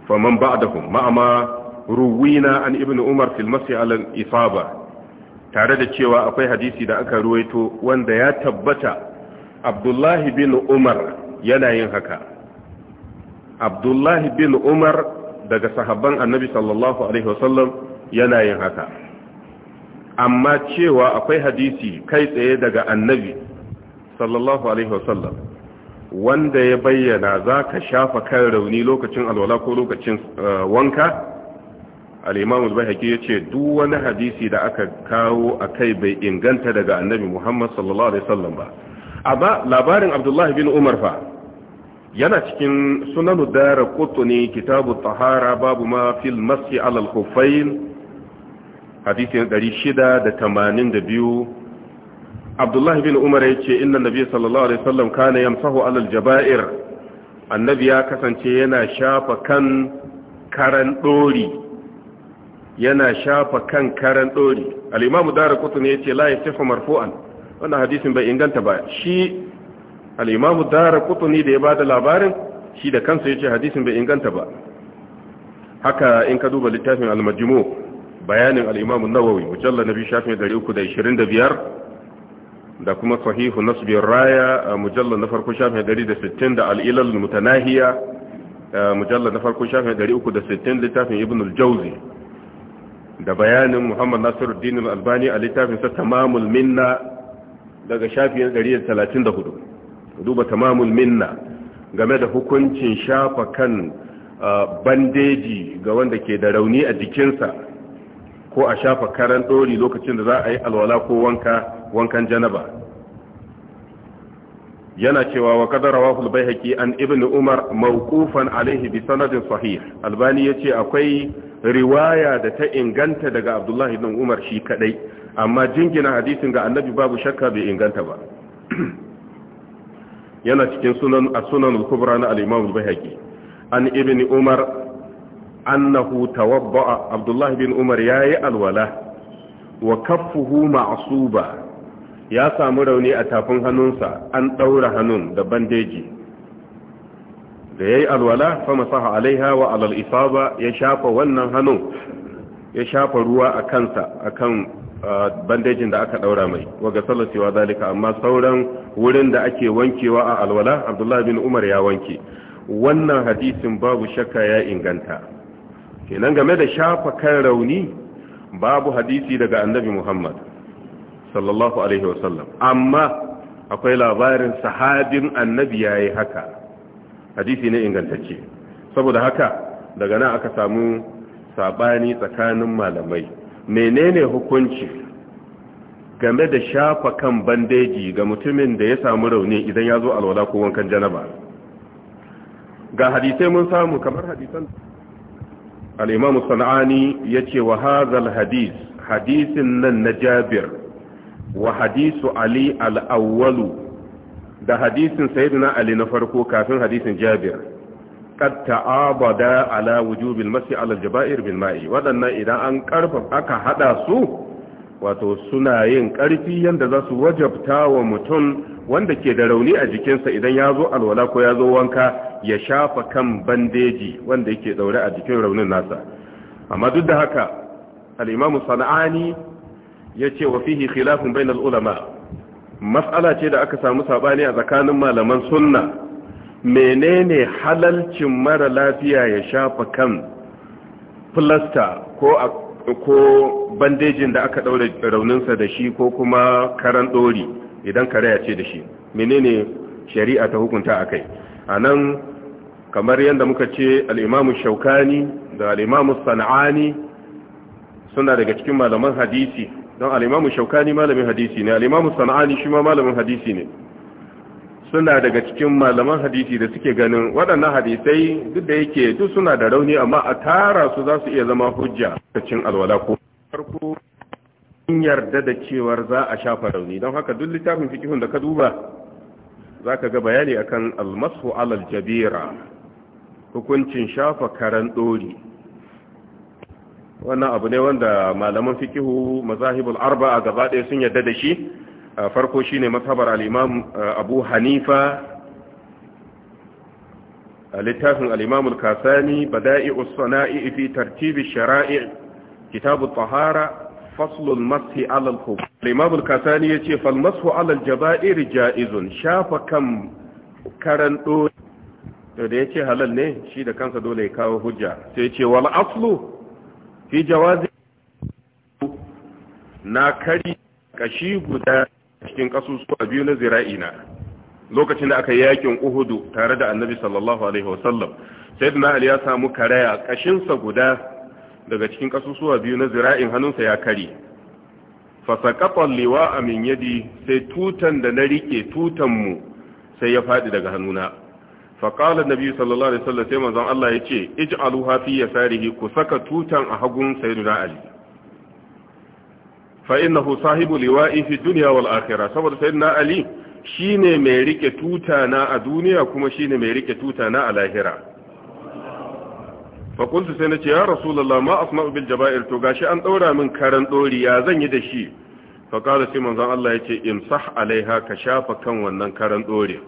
faman dafa ma'ama ruwina an Ibni umar filmasi alal isaba tare da cewa akwai hadisi da aka ruwaito wanda ya tabbata abdullahi bin umar yana yin haka abdullahi bin umar daga sahabban annabi sallallahu alaihi wasallam yana yin haka amma cewa akwai hadisi kai tsaye daga annabi sallallahu alaihi wasallam wanda ya bayyana za ka shafa kan rauni lokacin alwala ko lokacin eh, wanka al-imam al-bahaki yace duk wani hadisi da aka kawo a kai bai inganta daga annabi Muhammad sallallahu alaihi sallam ba amma labarin abdullahi bin Umar fa yana cikin sunanu daraqutni kitabu tahara babu ma fil masyi ala al-khuffayn 682 abdullahi bin Umar ce inna nabiy sallallahu alaihi wasallam kana yamsahu ala jabair annabi ya kasance yana shafa kan karan dori yana shafa kan karan dori al-imam darqutni yace la yasihu marfu'an wannan hadisin bai inganta ba shi dara kutu darqutni da ya ba da labarin shi da kansa ce hadisin bai inganta ba haka in ka duba littafin al-majmu bayanin al-imam an na mujallal nabi shafi 325 da kuma sahihu nasbi raya mujallal na farko shafi 160 da al-ilal mutanahiya mujallal na farko shafi 360 littafin ibn al-jawzi da bayanin muhammad nasiruddin al-albani a littafinsa tamamul minna daga shafiyar 134 duba tamamul minna game da hukuncin shafa kan uh, bandeji ga wanda ke da rauni a jikinsa ko a shafa karan ɗori lokacin da za a yi alwala ko wanka wankan janaba yana cewa wa kadara wahul an ibn umar mawqufan alaihi bi sanadin sahih albani yace akwai riwaya da ta inganta daga abdullahi ibn umar shi kadai amma jingina hadisin ga annabi babu shakka bai inganta ba yana cikin sunan as-sunan al-kubra na al-imam al-bayhaqi an ibn umar annahu tawabba'a abdullahi bin umar yayi alwala wa kaffuhu ma'suba ya samu rauni a tafin hannunsa an daura hannun da bandeji da ya yi alwala fa saha alaiha wa alal isaba ya shafa wannan hannun ya shafa ruwa a kansa akan bandejin da aka daura mai waga sallacewa zalika amma sauran wurin da ake wankewa a alwala abdullahi bin umar ya wanke wannan hadisin babu shakka ya inganta kenan game da shafa kan rauni babu hadisi daga annabi muhammad sallallahu alaihi wasallam amma akwai labarin sahabin annabi yayi haka hadisi ne ingantacce saboda haka daga nan aka samu sabani tsakanin malamai menene hukunci game da shafa kan bandeji ga mutumin da ya samu rauni idan ya zo alwala ko wankan janaba ga hadisai mun samu kamar hadisan al'imamu sana'ani ya ce wa hazal hadis hadisin nan na jabir wa hadisu ali al'awwalu da hadisin sayyidina ali na farko kafin hadisin jabir qad ta'abada ala wujubil masi ala aljaba'ir bil ma'i wadannan idan an karfa aka hada su wato suna yin karfi yanda za su wajabta wa mutum wanda ke da rauni a jikinsa idan ya zo alwala ko ya zo wanka ya shafa kan bandeji wanda yake daure a jikin raunin nasa amma duk da haka al-imamu sana'ani yace wa fihi khilafun bainal ulama mas'ala ce da aka samu sabani a tsakanin malaman sunna menene halalcin mara lafiya ya shafa kan plaster ko ko bandejin da aka daure rauninsa da shi ko kuma karan dori idan kare ya ce da shi menene shari'a ta hukunta akai anan kamar yadda muka ce al Shaukani da al sana'ani suna daga cikin malaman hadisi don alimamu shaukani malamin hadisi ne alimamu sana'ani shi ma malamin hadisi ne suna daga cikin malaman hadisi da suke ganin waɗannan hadisai duk da yake duk suna da rauni amma a tara su za su iya zama hujja cikin alwala ko farko in yarda da cewar za a shafa rauni don haka duk littafin fikihun da ka duba za ka ga bayani akan almasu alal jabira hukuncin shafa karan ɗori wannan abu ne wanda malaman fikihu mazahibul arba'a gaba ɗaya sun yarda da shi farko shine mazhabar al-imam eh, Abu Hanifa littafin al-imam al-Kasani bada'i'us sana'i fi tartib sharai kitab at-tahara fasl al-mash 'ala al-khuf imam al-Kasani yace fal mash 'ala jabair ja'izun shafa kam karan do to da yace halal ne shi da kansa dole ya kawo hujja sai yace wal aslu fi jawazi na kari kashi guda cikin kasusuwa biyu na zira'ina lokacin da aka yi yakin uhudu tare da annabi sallallahu alaihi wasallam da ya samu karaya kashinsa guda daga cikin kasusuwa biyu na zira'in hannunsa ya kari fasaqatan liwa'a min yadi sai tutan da na rike tutan mu sai ya faɗi daga hannuna faƙalar nabi sallallahu alaihi wasallam sai manzon Allah ya ce ij'alu hafi yasarihi ku saka tutan a hagun sayyidina ali fa innahu sahibu liwa'i fi dunya wal saboda sayyidina ali ne mai rike tutana a duniya kuma ne mai rike tuta na a lahira fa sai na ce ya rasulullah ma asma'u bil jaba'ir to gashi an ɗaura min karan dori ya zan yi da shi fa qala sai manzon Allah yace imsah alaiha ka shafa kan wannan karan ɗori.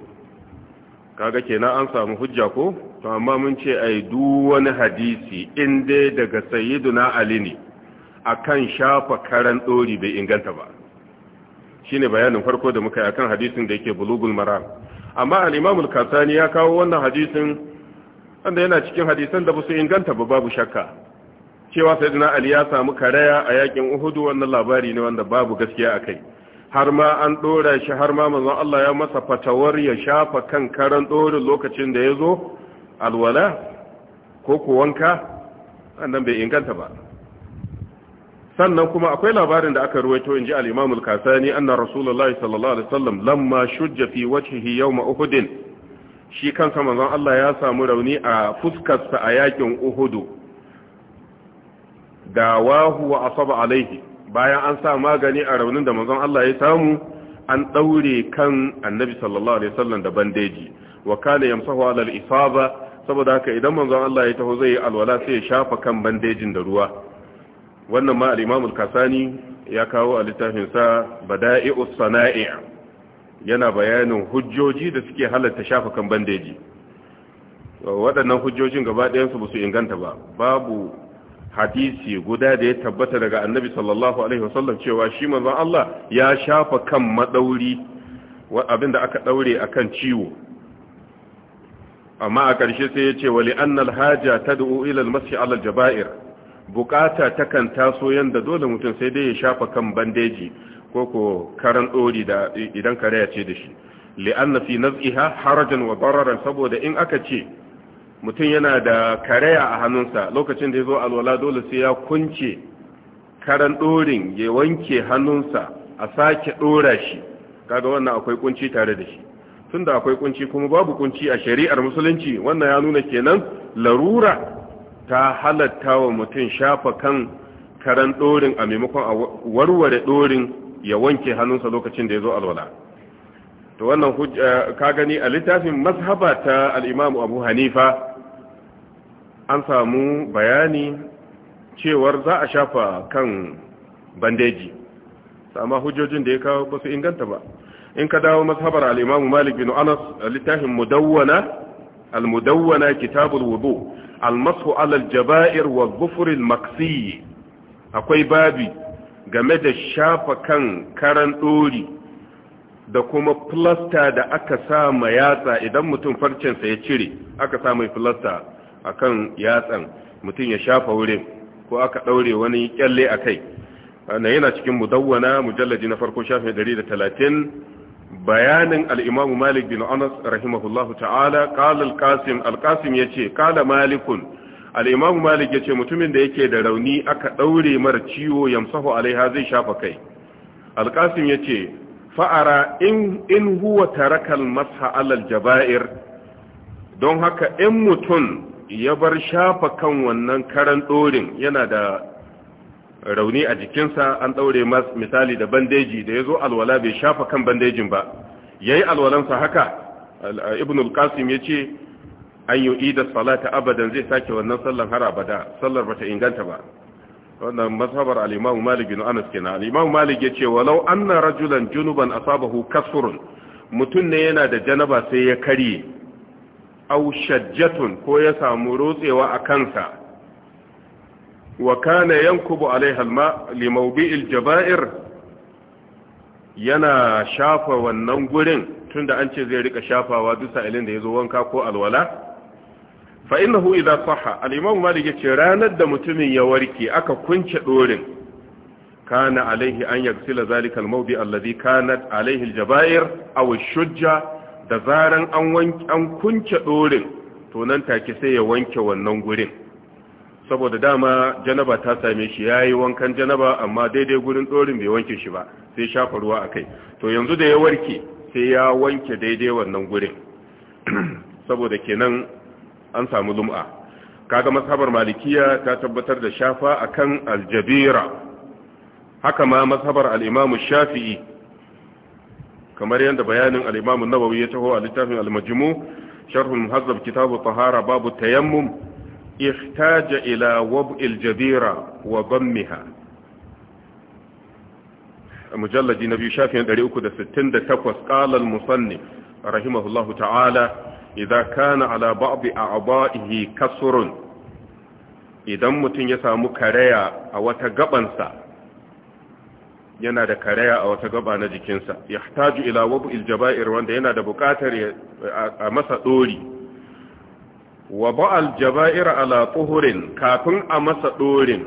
kaga kenan an samu hujja ko to amma mun ce ai duk wani hadisi in dai daga sayyiduna ali ne akan shafa karan dori bai inganta ba shine bayanin farko da muka yi akan hadisin da yake bulugul maram amma al-imam al-kasani ya kawo wannan hadisin wanda yana cikin hadisan da ba su inganta ba babu shakka cewa sayyiduna ali ya samu karaya a yakin uhud wannan labari ne wanda babu gaskiya akai har ma an ɗora shi har ma manzon Allah ya masa fatawar ya shafa kan karan dorin lokacin da ya zo alwala ko kuwanka annan bai inganta ba sannan kuma akwai labarin da aka ruwaito in ji imam al-Kasani anna Rasulullah sallallahu alaihi wasallam lamma shujja fi wajhihi yawm Uhud shi kansa manzon Allah ya samu rauni a fuskarsa a yakin Uhud dawahu wa asaba alaihi bayan an sa magani a raunin da manzon Allah ya samu an daure kan annabi sallallahu alaihi wasallam da bandeji wa kana yamsahu ala al-isaba saboda haka idan manzon Allah ya taho zai alwala sai ya shafa kan bandejin da ruwa wannan ma al-imam al-kasani ya kawo a littafin sa bada'i'us sana'i' yana bayanin hujjoji da suke halatta shafa kan bandeji waɗannan hujjojin gaba ɗayansu ba su inganta ba babu hadisi guda da ya tabbata daga annabi sallallahu alaihi wasallam cewa shi manzon Allah ya shafa kan madauri abinda aka daure akan ciwo amma a ƙarshe sai ya ce wali haja tad'u ila al ala al-jaba'ir bukata takan taso yanda dole mutum sai dai ya shafa kan bandeji ko ko karan dori da idan kare ya ce da shi li'anna fi naz'iha harajan wa dararan saboda in aka ce mutum yana da karaya a hannunsa lokacin da ya zo alwala dole sai ya kunce karan ɗorin ya wanke hannunsa a sake ɗora shi kaga wannan akwai kunci tare da shi tunda akwai kunci kuma babu kunci a shari'ar musulunci wannan ya nuna kenan larura ta halatta wa mutum shafa kan karan ɗorin a maimakon a warware ɗorin ya wanke hannunsa lokacin da ya zo alwala to wannan ka gani a littafin mazhaba ta al'imamu abu hanifa an samu bayani cewar za a shafa kan bandeji amma hujjojin da ya kawo ba su inganta ba in ka dawo mazhabar al-imamu malik bin anas littafin mudawwana al-mudawwana kitabul wudu al-mashu ala jabair wa dhufr al-maksi akwai babi game da shafa kan karan dori da kuma plaster da aka sa ma yatsa idan mutum farcensa ya cire aka sa mai plaster akan yatsan mutum ya shafa wurin ko aka daure wani kyalle akai na yana cikin mudawwana mujallaji na farko shafi 130 bayanin al-Imam Malik bin Anas rahimahullahu ta'ala qala al-Qasim al-Qasim yace qala Malikun al-Imam Malik yace mutumin da yake da rauni aka daure mara ciwo yamsahu alaiha zai shafa kai al-Qasim yace fa'ara in in huwa tarakal jabair don haka in mutum. ya bar shafa kan wannan karan dorin yana da rauni a jikinsa an ɗaure mas misali da bandeji da ya zo alwala bai shafa kan bandejin ba ya yi alwalansa haka ibn al ya ce an yi idar salata abadan zai sake wannan sallar har abada sallar bata inganta ba wannan mazhabar al-imamu malik bin anas kenan al ya ce walau anna rajulan junuban asabahu kasurun mutum ne yana da janaba sai ya karye. aw shajjatun ko ya samu rotsewa a kansa wa kana yankubu alaiha alma limawbi'il jaba'ir yana shafa wannan gurin tunda an ce zai rika shafawa duk sa'ilin da yazo wanka ko alwala fa innahu idza saha? al-imam malik yace ranar da mutumin ya warke aka kunce dorin kana alaihi an yagsila zalika al-mawdi alladhi kanat alaihi al-jaba'ir aw ash-shujja da zaran an kunce ɗorin to nan take sai ya wanke wannan gurin saboda dama janaba ta same shi ya yi wankan janaba amma daidai gurin ɗorin bai wanke shi ba sai shafa ruwa a kai to yanzu da ya warke sai ya wanke daidai wannan gurin saboda kenan an samu lum'a kaga mazhabar malikiya ta tabbatar da shafa akan aljabira haka ma mazhabar al shafi'i kamar yadda bayanin al nawawi ya taho a littafin al-Majmu sharh al-Muhazzab babu at-Tahara babu tayammum ihtaja ila wab'il jabira wa dammiha mujalladi biyu shafin 368 qala al-musannif rahimahullahu ta'ala idza kana ala ba'd a'dahihi kasrun idan mutun ya samu karaya a wata gabansa yana da karaya a wata gaba na jikinsa ya taju ila wabu'il jaba'ir wanda yana da bukatar a masa ɗori wa ba'al jaba'ir ala tuhurin kafin a masa ɗorin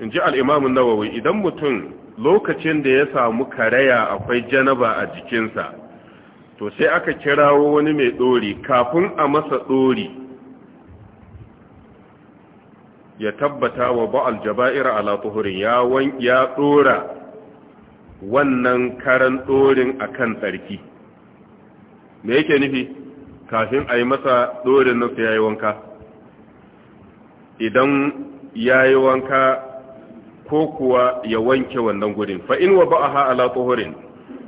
in ji al'imamun nawawi idan mutum lokacin da ya samu karaya akwai janaba a jikinsa to sai aka kirawo wani mai ɗori kafin a masa ɗori ya tabbata wa ba'al jaba'ira ala tuhuri ya ya dora wannan karan dorin akan tsarki me yake nufi kafin a yi masa dorin nan sai yi wanka idan yayi wanka ko kuwa ya wanke wannan gurin fa in wa ba'aha ala tuhuri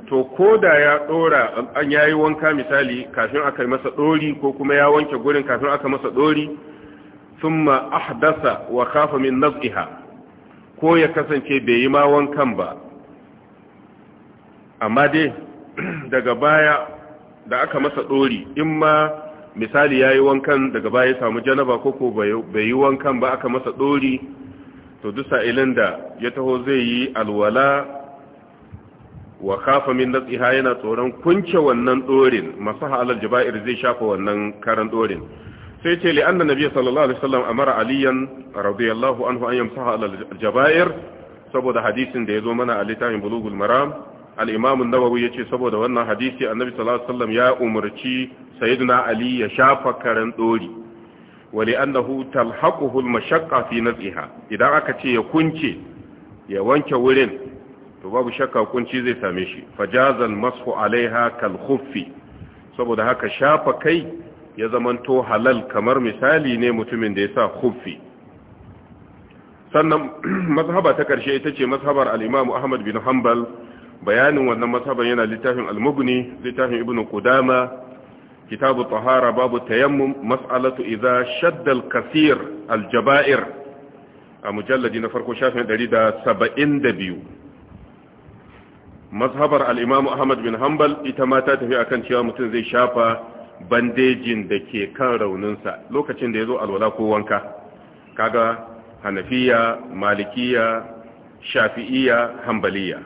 to ko da ya dora an yayi wanka misali kafin aka masa dori ko kuma ya wanke gurin kafin aka masa dori thumma ahdasa wa khafa min ko ya kasance bai yi ma wankan ba amma dai daga baya da aka masa dori in ma misali yayi wankan daga baya ya samu janaba ko ko bai yi wankan ba aka masa dori to duk sa'ilin da ya taho zai yi alwala wa kafa min natsiha yana tsoron kunce wannan dorin masu halar jaba'ir zai shafa wannan karan dorin sai ce li anna nabiy sallallahu alaihi wasallam amara aliyan radiyallahu anhu an yamsaha ala aljabair saboda hadisin da yazo mana a littafin bulugul maram al-imam an-nawawi yace saboda wannan hadisi annabi sallallahu alaihi wasallam ya umarci sayyidina ali ya shafa karan dori wa li annahu talhaquhu al-mashaqqa fi naz'iha idan aka ce ya kunce ya wanke wurin to babu shakka kunci zai same shi fajazal mashu alaiha kal khuffi saboda haka shafa kai ya zamanto halal kamar misali ne mutumin da ya sa khuffi sannan mazhaba ta ƙarshe ita ce mazhabar al'imamu ahmad bin hanbal bayanin wannan mazhaban yana littafin al-mughni littafin ibnu Ƙudama kitabu tahara babu yamma mas'alatu idza shaddal al-kaseer al-jaba'ir a mujalladi na farko shafin 172 mazhabar al-imamu ahmad bin hanbal ita ma ta tafi akan cewa mutum zai shafa bandejin da ke kan rauninsa lokacin da ya zo alwala ko wanka kaga hanafiya malikiya shafi'iya hambaliya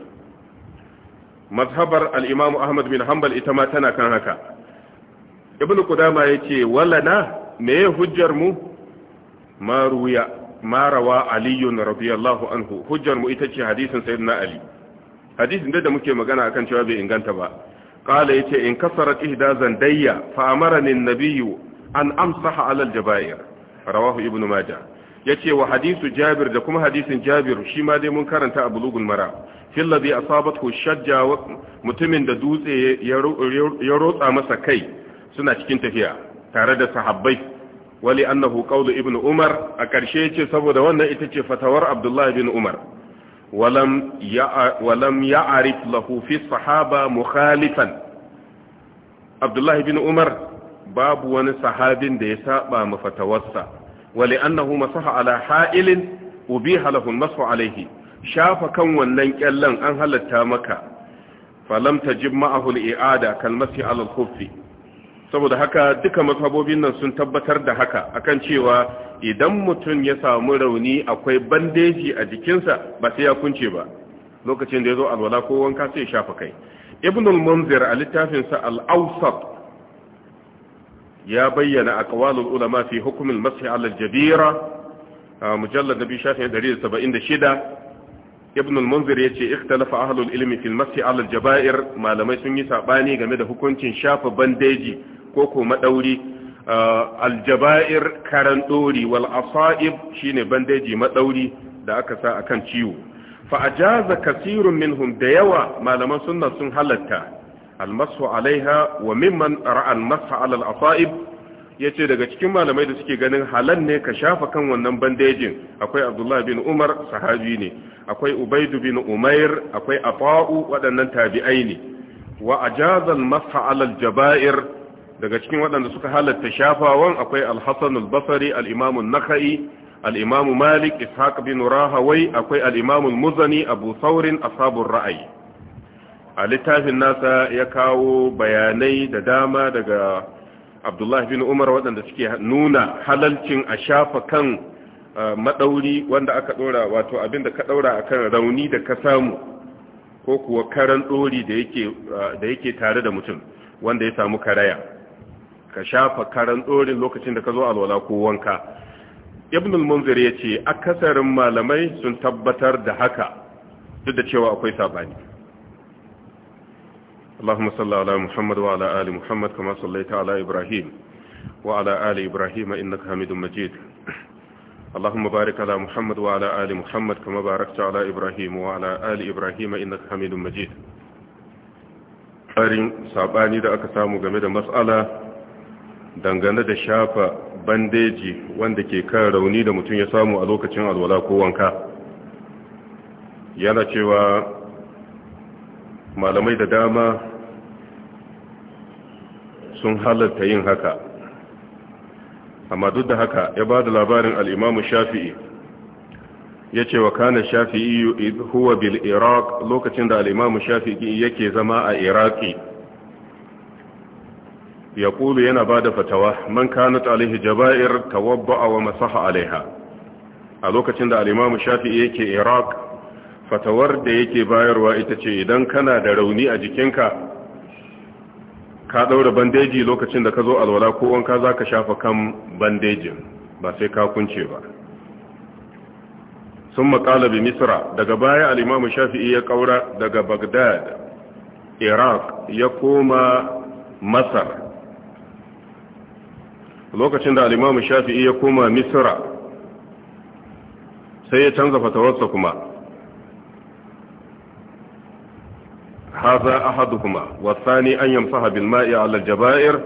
mazhabar al'imamu ahmad bin hambal ita ma tana kan haka ibn kudama ya ce walana me ya hujjar mu maruya marawa aliyun radiyallahu anhu hujjar mu ita ce hadisin sayyidina ali hadisin da muke magana akan cewa bai inganta ba ya yace in kasarat ihda dayya fa amarani an-nabiyyu an amsaha 'ala al-jaba'ir rawahu ibnu majah yace wa hadisu jabir da kuma hadisin jabir shi ma dai mun karanta a bulugul mara fil ladhi asabathu shajja mutumin da dutse ya rotsa masa kai suna cikin tafiya tare da sahabbai wali annahu qawlu ibnu umar a karshe yace saboda wannan ita ce fatawar abdullahi ibn umar walam ya arif lahu fi sahaba mukhalifan abdullahi bin umar babu wani sahabin da ya saba mafatawarsa wale annahu masaha ala ha'ilin ubiha lahu masu alaihi shafa kan wannan kyallan an halatta maka falamta tajib ma'ahu al-i'ada kan masi ala al saboda haka duka mazhabobin nan sun tabbatar da haka akan cewa idan mutum ya samu rauni akwai bandeji a jikinsa ba sai ya kunce ba lokacin da ya zo alwala ko wanka sai ya shafa kai ibn al-munzir a littafinsa al-awsat ya bayyana aqwalul ulama fi hukm al-masih ala al-jabira mujallad nabi shafin 176 ibn al-munzir yace ikhtalafa ahlul ilmi fi al-masih ala al-jabair malamai sun yi sabani game da hukuncin shafa bandeji Koko maɗauri aljaba'ir karan dori wal asaib shine bandeji maɗauri da aka sa akan ciwo fa ajaza kasirun minhum da yawa malaman sunna sun halatta almasu alaiha wa mimman ra'a almasa ala al ya yace daga cikin malamai da suke ganin halal ne ka shafa kan wannan bandejin akwai Abdullah bin Umar sahabi ne akwai Ubaidu bin Umair akwai Afa'u waɗannan tabi'ai ne wa ajaza almasa jabair daga cikin waɗanda suka halatta shafawan akwai al-hasan al-basri al-imam an-nakhai al-imam malik ishaq bin rahawai akwai al-imam al-muzani abu thawr ashabur ra'i a littafin nasa ya kawo bayanai da dama daga abdullahi bin umar waɗanda suke nuna halalcin a shafa kan uh, madauri wanda aka ɗora wato abinda ka ɗora akan rauni da ka samu ko kuwa karan ɗori da yake uh, tare da mutum wanda ya samu karaya ka shafa karan dorin lokacin da ka zo alwala ko wanka ibn al-munzir yace akasarin malamai sun tabbatar da haka duk da cewa akwai sabani Allahumma salli ala Muhammad wa ala ali Muhammad kama sallaita ala Ibrahim wa ala ali Ibrahim innaka Hamidum Majid Muhammad بارك على محمد وعلى آل محمد كما باركت على إبراهيم وعلى آل إبراهيم إنك حميد Karin أرين da aka samu game da mas'ala. dangane da shafa bandeji wanda ke kan rauni da mutum ya samu a lokacin alwala ko wanka yana cewa malamai da dama sun halatta yin haka amma duk da haka ya ba da labarin al'imamu shafi'i ya ce wa kana shafi'i huwa bil iraq lokacin da al'imamu shafi'i yake zama a iraki ya kulu yana ba da fatawa man kanat alaihi jaba'ir tawabba'a wa masaha alaiha a lokacin da al'imamu shafi'i yake iraq fatawar da yake bayarwa ita ce idan kana da rauni a jikinka ka ɗaura bandeji lokacin da ka zo alwala ko wanka za ka shafa kan bandejin ba sai ka kunce ba sun makala bi misra daga baya al'imamu shafi'i ya ƙaura daga bagdad iraq ya koma masar lokacin da al-Imam Shafi'i ya koma Misra sai ya canza fatawarsa kuma haza ahaduhuma wasani an yamsaha bil ma'i 'ala al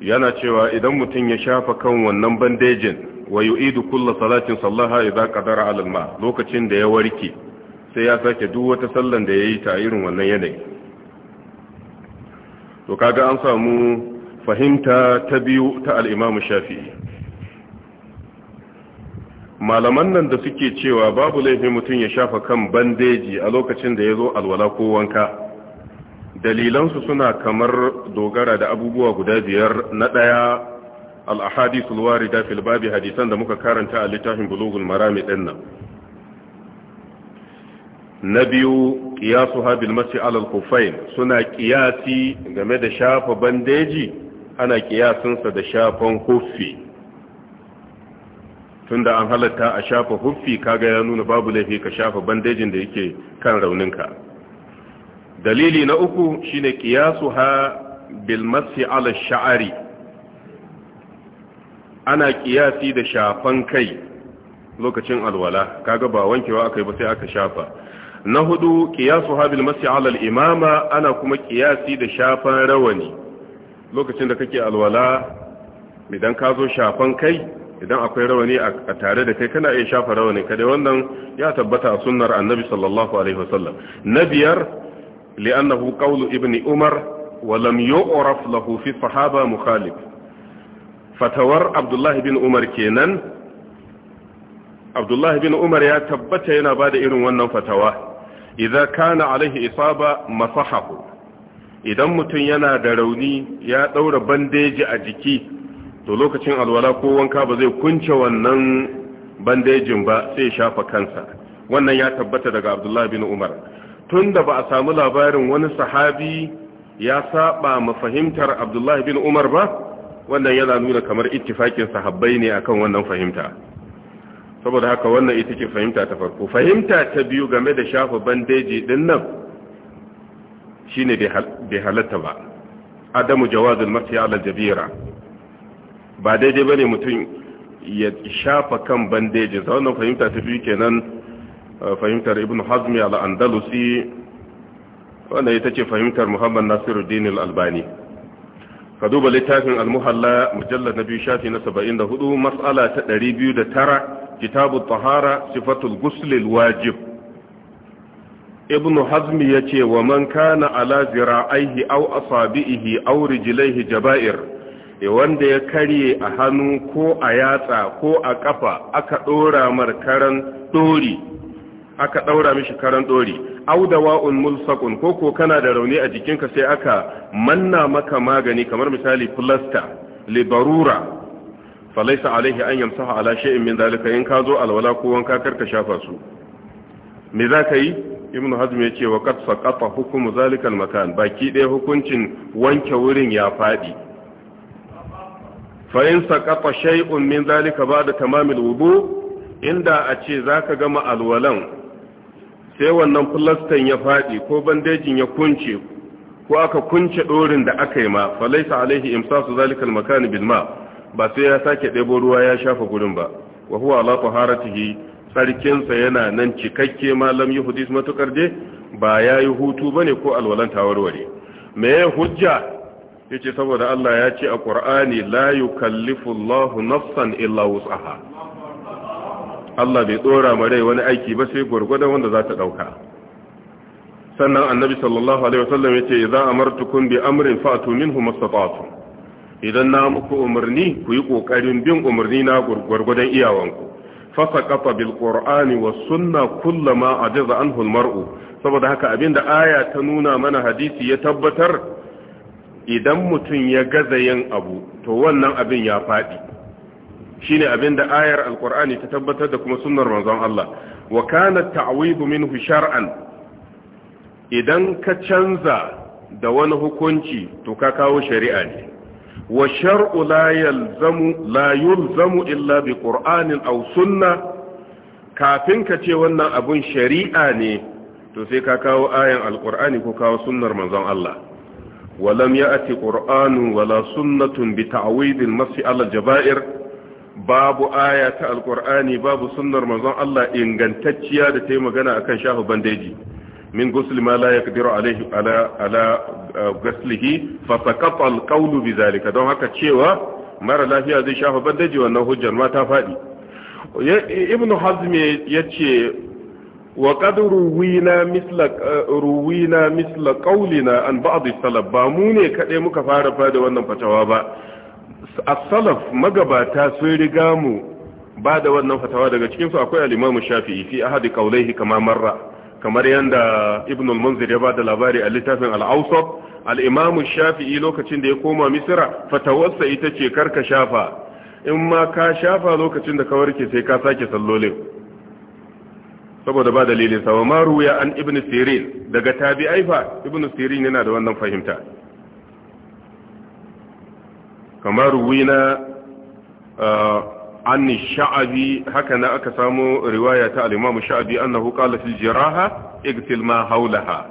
yana cewa idan mutum ya shafa kan wannan bandejin wa yu'idu kulla salatin sallaha idza qadara 'ala lokacin da ya warke sai ya sake duk wata sallan da yayi ta irin wannan yanayi to kaga an samu fahimta ta biyu ta al'imamu shafi'i malaman nan da suke cewa babu laifin mutum ya shafa kan bandeji a lokacin da ya zo alwala ko wanka dalilansu suna kamar dogara da abubuwa guda biyar na ɗaya al'ahadisul warida fil babi hadisan da muka karanta a littafin bulugul marami ɗin nan na biyu ƙiyasu habil masu alal kufain suna ƙiyasi game da shafa bandeji ana kiyasinsa da shafan huffi tunda an halatta a shafa huffi kaga ya nuna babu laifi ka shafa bandejin da yake kan rauninka dalili na uku shine kiyasu ha bil masi ala sha'ari ana kiyasi da shafan kai lokacin alwala kaga ba wankewa aka akai ba sai aka shafa na hudu kiyasu ha bil masi ala imama ana kuma kiyasi da shafan rawani lokacin da kake alwala idan ka zo shafan kai idan akwai rawani a tare da kai kana iya shafa rawani kada wannan ya tabbata a sunnar annabi sallallahu alaihi wasallam na biyar li'annahu qawlu ibni umar wa lam yu'raf lahu fi sahaba mukhalif fatawar abdullah ibn umar kenan abdullah ibn umar ya tabbata yana bada irin wannan fatawa idza kana alaihi isaba masahahu idan mutum yana da rauni ya ɗaura bandeji a jiki to lokacin alwala ko wanka ba zai kunce wannan bandejin ba sai shafa kansa wannan ya tabbata daga abdullah bin umar tun ba a samu labarin wani sahabi ya saba ma fahimtar abdullah bin umar ba wannan yana nuna kamar ittifakin sahabbai ne akan wannan fahimta saboda haka wannan ita ke fahimta ta farko fahimta ta biyu game da shafa bandeji din nan shine bai halatta ba adamu jawazul masi aljabira ba daidai ne mutum ya shafa kan bandeji sa wannan fahimta ta biyu kenan eh, fahimtar ibn hazmi al'andalusi wannan ita ce fahimtar muhammad nasiruddin al-albani ka duba littafin al-muhalla mujallad na biyu shafi na 74 mas'ala ta 209 kitabu tahara sifatul guslil wajib ibn hazmi ya ce wa man kana ala zira'aihi au asabihi aw rijlaihi jaba'ir e, wanda ya karye a hannu ko a yatsa ko a kafa aka dora mar karan dori aka daura mishi karan dori au dawa'un mulsaqun ko ko kana da rauni a jikinka sai aka manna maka magani kamar misali plaster libarura falaisa alaihi an yamsaha ala shay'in min zalika in ka zo alwala ko wanka karka shafa su me za ka yi ibnu hazm yace wa qad kafa hukmu zalikal makan baki ɗaya hukuncin wanke wurin ya faɗi fa in saqata shay'un min zalika da tamamil wudu inda a ce zaka gama alwalan sai wannan fulastan ya faɗi ko bandejin ya kunce ko aka kunce ɗorin da aka yi ma fa alaihi imsasu zalikal makan bil ba sai ya sake ɗebo ruwa ya shafa gurin ba wa huwa ala taharatihi Sarkinsa yana nan cikakke malam yi hudis matukar je ba ya yi hutu ba ne ko alwalanta warware. me ya hujja ya ce saboda Allah ya ce a ƙur'ani la yi kallifullahu nafsan illa wutsaha Allah bai tsora rai wani aiki ba sai gwargwadon wanda za ta ɗauka sannan annabi sallallahu alaihi wasallam ya ce za a martukun bi amrin fatu minhu mastata'tum idan na muku umarni ku yi ƙoƙarin bin umarni na gwargwadon iyawanku fasaqata bil qur'ani was sunna kullama ajaza anhu mar'u saboda haka abinda aya ta nuna mana hadisi ya tabbatar idan mutum ya gaza yin abu to wannan abin ya fadi shine abinda ayar alqur'ani ta tabbatar da kuma sunnar manzon Allah wa kana ta'widu minhu shar'an idan ka canza da wani hukunci to ka kawo shari'a ne والشرع لا يلزم لا يلزم الا بقران او سنه كافين كace wannan abun shari'a ne to sai ka kawo ayan alqur'ani ko kawo sunnar manzon Allah walam ya'ti qur'anu wala sunnatun bita'wid almasih ala jaba'ir babu aya ayatu alqur'ani babu sunnar manzon Allah ingantacciya da tayi magana akan shafa bandeji min ghusl ma la yaqdiru alayhi ala ala uh, ghaslihi fa saqata al bidhalika don haka cewa mara lafiya zai shafa bandaji wannan hujjar ma ta fadi ibnu hazm yace wa qad ruwina misla uh, ruwina misla qawlina salaf ba mu ne kaɗai muka fara fada wannan fatawa ba as-salaf magabata sun riga mu ba da wannan fatawa daga cikinsu akwai al-imamu shafi'i fi ahadi qawlaihi kama marra kamar yadda ibn al-munzir ya ba da labari a littafin al-awsat al-imam shafi'i lokacin da ya koma misra fatawassa ita ce karka shafa in ma ka shafa lokacin da ka warke sai ka sake sallolin saboda ba dalilin sa ma ruya an ibn sirin daga tabi'ai fa ibn sirin yana da wannan fahimta kamar ruwina uh, an sha'abi haka na aka samo riwaya ta al-imam sha'abi annahu qala fil jiraha igtil ma hawlaha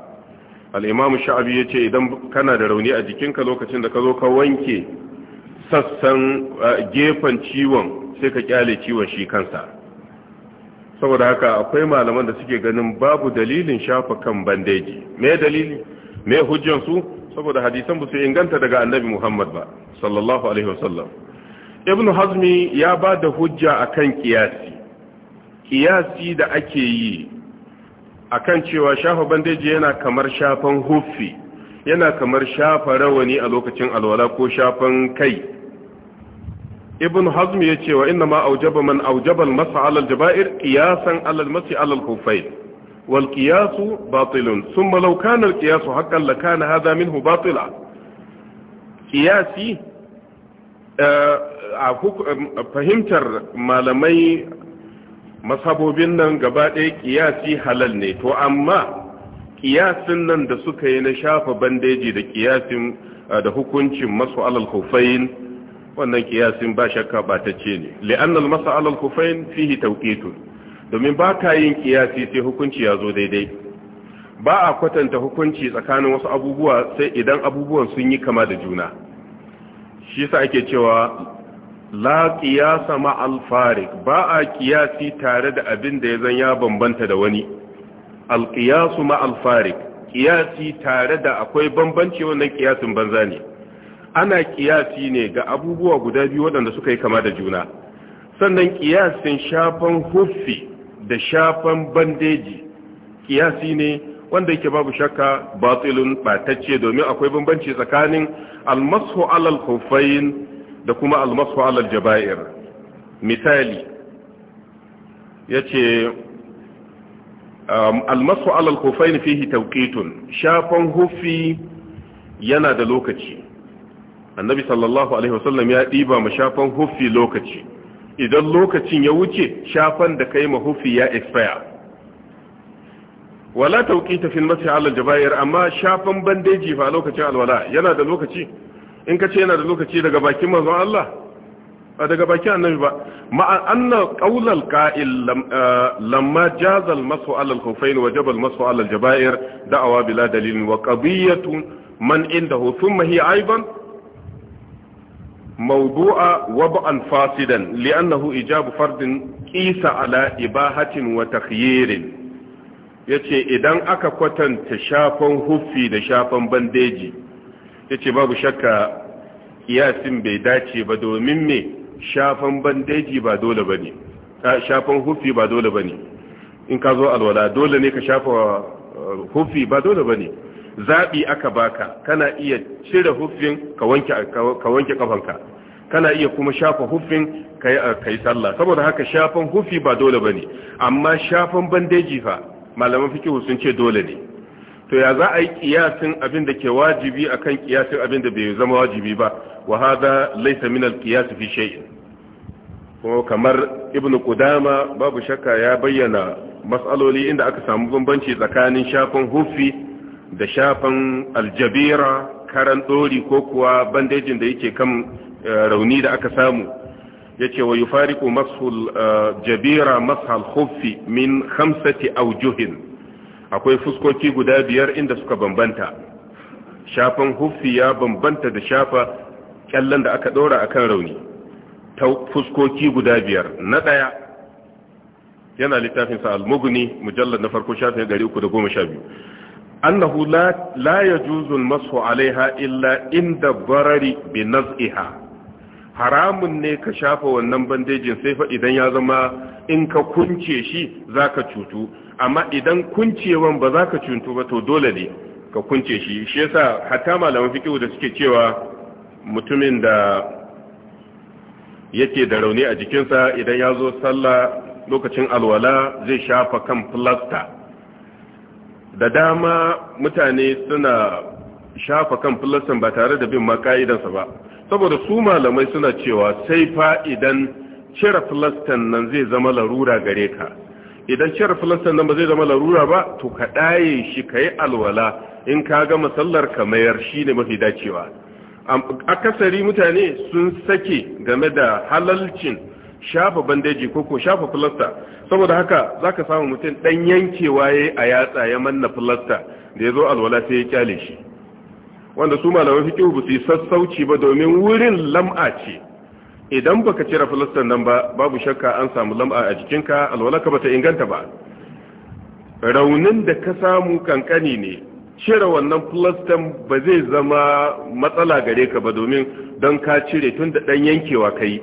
al-imam sha'abi idan kana da rauni a jikinka lokacin da ka zo ka wanke sassan eh, gefen ciwon sai ka kyale ciwon shi kansa saboda haka akwai malaman da suke ganin babu dalilin shafa kan bandeji me dalili saboda hadisan ba su inganta daga annabi Muhammad ba sallallahu alaihi wasallam ibn hazmi ya ba da hujja a kan kiyasi kiyasi da ake yi akan cewa shafa bandeji yana kamar shafan hufi yana kamar shafa rawani a lokacin alwala ko shafan kai ibn hazmi ya cewa inna ma aujaba man aujaba al-masa ala al-jaba'ir qiyasan ala al-masi ala wal qiyasu batilun thumma law kana al-qiyasu haqqan la kana batila eh, a fahimtar malamai masabobin nan gaba ɗaya kiyasi halal ne to amma kiyasin nan da suka yi na shafa bandeji da kiyasin da hukuncin masu alal kufayin wannan kiyasin ba shakka ba ta ce ne li'annal masu alal kufayin fihi tauƙitun domin ba ka yin kiyasi sai hukunci ya zo daidai ba a kwatanta hukunci tsakanin wasu abubuwa sai idan abubuwan sun yi kama da juna shi sa ake cewa la qiyasa ma al farik ba a qiyasi tare da abin da yazan ya bambanta da wani al-qiyasu ma al farik qiyasi tare da akwai bambanci wannan qiyasin banza ne ana qiyasi ne ga abubuwa guda biyu waɗanda suka yi kama da juna sannan qiyasin shafan huffi da shafan bandeji qiyasi ne wanda yake babu shakka batilun batacce domin akwai bambanci tsakanin al-mashu ala khuffayn da kuma almasu alal jaba'ir misali ya ce um, almasu alal kufain fihi tauƙitun shafan hufi yana da lokaci annabi sallallahu alaihi wasallam ya ɗiba ma shafan hufi lokaci idan lokacin ya wuce shafan da kai ma hufi ya expire wala tauƙita tafin masu alal jaba'ir amma shafan bandeji fa lokacin alwala yana da lokaci in ka ce yana da lokaci daga bakin manzon Allah ba daga bakin annabi ba ma'an anna qaulal qa'il eh, lamma jaza al masu ala al khawfain wa jabal masu ala al jaba'ir da'awa bila dalil wa qadiyatu man indahu thumma hiya aidan موضوع وضعا فاسدا ijabu fardin فرد قيس على إباحة وتخيير yace idan aka kwatanta shafan huffi da shafan bandeji yace babu shakka kiyasin bai dace ba domin me shafan bandeji ba dole bane shafan hufi ba dole bane in ka zo alwala dole ne ka shafa eh, hufi ba dole bane zabi aka baka kana iya cire hufin ka wanke ka wanke kafanka kana iya kuma shafa hufin ka yi sallah saboda haka shafan hufi ba dole ba amma shafan bandeji fa malaman fikihu sun ce dole ne to ya za a yi kiyasin abin da ke wajibi akan kiyasin abin da bai zama wajibi ba wa hada laisa minal kiyasi fi shay'in kuma kamar ibn qudama babu shakka ya bayyana matsaloli inda aka samu bambanci tsakanin shafan hufi da shafan aljabira karan dori ko kuwa bandejin da yake kan eh, rauni da aka samu ya ce wa yufariqu mashul eh, jabira mashal khuffi min khamsati awjuhin akwai fuskoki guda biyar inda suka bambanta shafan huffi ya bambanta da shafa kyallon da aka ɗora akan rauni ta fuskoki guda biyar na ɗaya yana littafin sa al-mughni na farko shafin 312 annahu la la yajuzu al-mashu alaiha illa inda barari bi naz'iha haramun ne ka shafa wannan bandejin sai fa idan ya zama in ka kunce shi zaka cutu amma idan kuncewan ba za ka cutu ba to dole ne ka kunce shi shi yasa hatta malaman fiqh da suke cewa mutumin da yake da rauni a jikinsa idan ya zo sallah lokacin alwala zai shafa kan filasta da dama mutane suna shafa kan filastan ba tare da bin ma ba saboda su malamai suna cewa sai fa idan cire filastan nan zai zama larura gare ka idan cire filastan nan ba zai zama larura ba to ka ɗaye shi ka yi alwala in ka ga masallar ka mayar shi ne mafi dacewa akasari mutane sun sake game da halalcin shafa bandeji ko ko shafa filasta saboda haka za ka samu mutum ɗan yankewa ya a yatsa ya manna filasta da ya zo alwala sai ya kyale shi wanda su malaman fiqh ba su yi sassauci ba domin wurin lam'a ce idan baka cire filistin nan ba babu shakka an samu lam'a a jikinka alwalaka bata inganta ba raunin da ka samu kankani ne cire wannan filistin ba zai zama matsala gare ka ba domin don ka cire tun da ɗan yankewa kai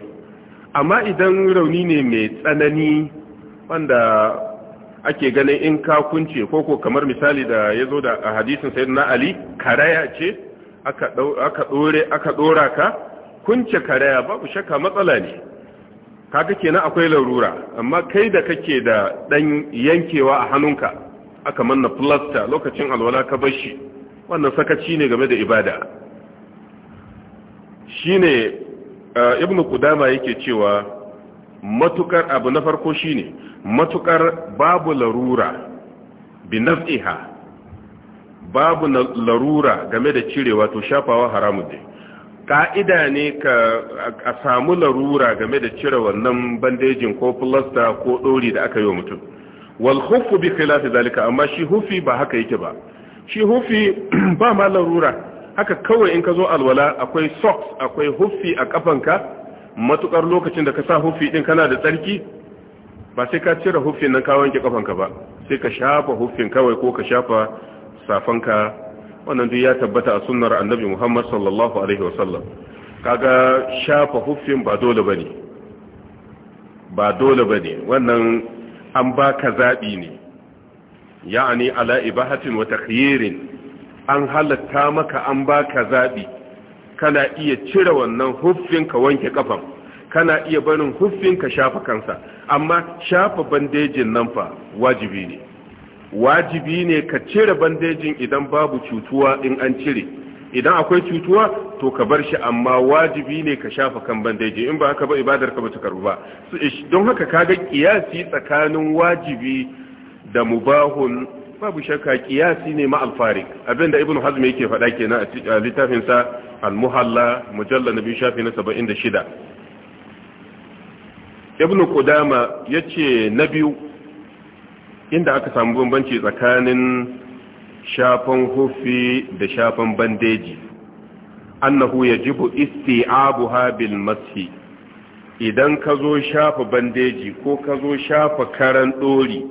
amma idan rauni ne mai tsanani wanda ake ganin in ka kunce ko ko kamar misali da ya zo da hadisin sayyidina ali karaya ce aka ɗore aka ɗora ka kunce karaya babu shakka matsala ne kaga kenan akwai larura amma kai da kake da ɗan yankewa a hannunka aka manna plasta lokacin alwala ka bashi wannan sakaci ne game da ibada shine eh, ibnu kudama yake cewa matukar abu na farko shine matukar babu larura bi babu larura game da cirewa to shafawa haramun ne ka'ida ne ka a samu larura game da cire wannan bandejin ko plasta ko dori da aka yi wa mutum wal hufu bi khilafi zalika amma shi hufi ba haka yake ba shi hufi ba ma larura haka kawai in ka zo alwala akwai socks akwai hufi a kafanka matukar lokacin da ka sa hufi din kana da tsarki ba sai ka cire hufin nan ka wanke kafanka ba sai ka shafa hufin kawai ko ka shafa safanka wannan duk ya tabbata a sunnar annabi Muhammad sallallahu alaihi wasallam kaga shafa huffin ba dole bane ba dole bane wannan an baka zabi ne ya'ani ala ibahatin wa takhyirin an halatta maka an baka zabi kana iya cire wannan huffin ka wanke kafan kana iya barin huffin ka shafa kansa amma shafa bandejin nan fa wajibi ne wajibi ne ka cire bandejin idan babu cutuwa in an cire idan akwai cutuwa to ka bar shi amma wajibi ne ka shafa kan bandeji in ba haka ba ibadar ka bata karu ba don haka ka ga kiyasi tsakanin wajibi da mubahun babu shakka kiyasi ne ma alfari abinda ibnu hazm yake faɗa kenan a littafin sa al-muhalla mujalla nabi shafi na 76 ibnu qudama yace na biyu inda aka samu bambanci tsakanin shafan hufi da shafan bandeji annahu yajibu isti'abuha bil mashi idan ka zo shafa bandeji ko ka zo shafa karan dori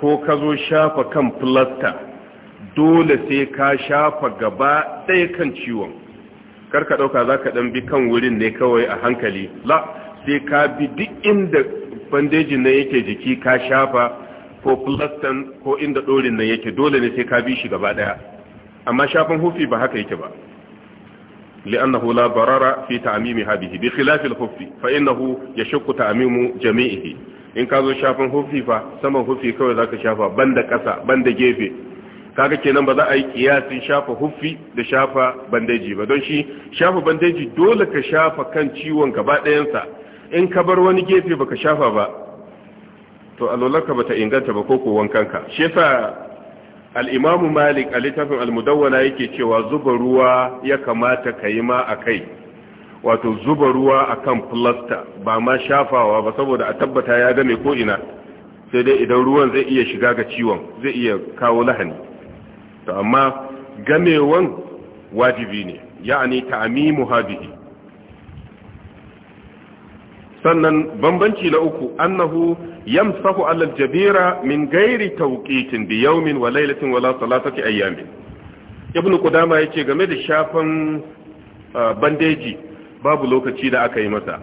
ko ka zo shafa kan filasta dole sai ka shafa gaba ɗaya kan ciwon Kar ka ɗauka za ka ɗan bi kan wurin ne kawai a hankali la sai ka bi duk inda bandeji na yake jiki ka shafa ko ko inda dorin nan yake dole ne sai ka bi shi gaba daya amma shafin hufi ba haka yake ba li'annahu la barara fi ta'mimi hadihi bi khilaf al-hufi fa innahu yashqu ta'mimu jami'ihi in ka zo shafin hufi fa saman hufi kawai zaka shafa banda kasa banda gefe kaga kenan ba za a yi kiyasin shafa hufi da shafa bandeji ba don shi shafa bandeji dole ka shafa kan ciwon gaba ɗayansa in ka bar wani gefe baka shafa ba to alwalarka bata inganta ba ko ko wankanka shi yasa al-Imam Malik a littafin al yake cewa zuba ruwa ya kamata ka yi ma akai wato zuba ruwa akan plaster ba ma shafawa ba saboda a tabbata ya game ko ina sai dai idan ruwan zai iya shiga ga ciwon zai iya kawo lahani to amma gamewan wajibi ne ya'ani ta'mimu hadihi sannan bambanci na uku annahu yamsahu alal jabira min gairi tawqitin bi yawmin wa laylatin wala salatati ayyamin ibnu qudama yace game da shafan uh, bandeji babu lokaci da aka yi masa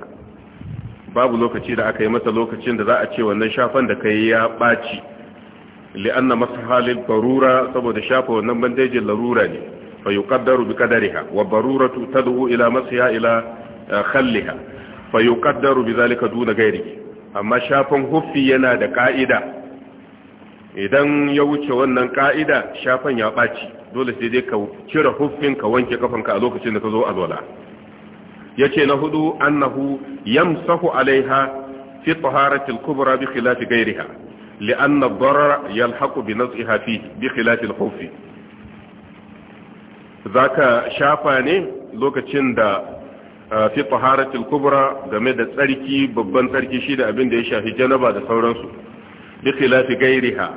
babu lokaci da aka yi masa lokacin da za a ce wannan shafan da kai ya baci li'anna masahalil barura saboda shafa wannan bandejin larura ne fa yuqaddaru bi qadariha wa baruratu tad'u ila masha ila uh, khalliha fa yuqaddaru bi zalika duna ghairihi amma shafin huffi yana da ƙa'ida idan ya wuce wannan ƙa'ida shafin ya ɓaci dole sai dai ka cire huffin ka wanke kafanka a lokacin da ka zo ya ce na hudu annahu yamsahu alaiha fi taharati kubra bi khilafi ghayriha لأن Ihafi يلحق بنزعها huffi za ka shafa ne lokacin da fi taharatul kubra game da tsarki babban tsarki shi da abin da ya shafi janaba da sauransu bi khilafi gairiha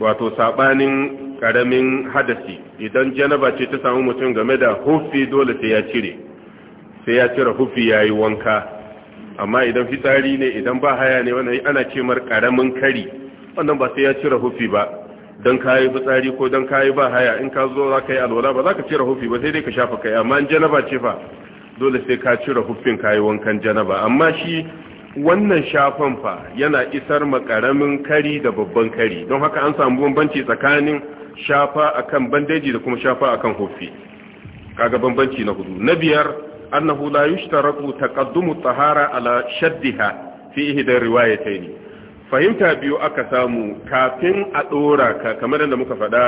wato sabanin karamin hadasi idan janaba ce ta samu mutum game da hufi dole sai ya cire sai ya cire hufi yayi wanka amma idan fitsari ne idan ba haya ne wannan ana ce karamin kari wannan ba sai ya cire hufi ba don kayi fitsari ko don kayi ba haya in ka zo za ka yi alwala ba za ka cire hufi ba sai dai ka shafa kai amma in janaba ce fa dole sai ka cire hufin kayi wankan janaba amma shi wannan shafan fa yana isar makaramin kari da babban kari don haka an samu bambanci tsakanin shafa akan bandeji da kuma shafa akan hufi kaga bambanci na hudu na biyar annahu la yushtaratu taqaddumu tahara ala shaddiha fi ihda riwayatayn fahimta biyu aka samu kafin a dora ka kamar da muka faɗa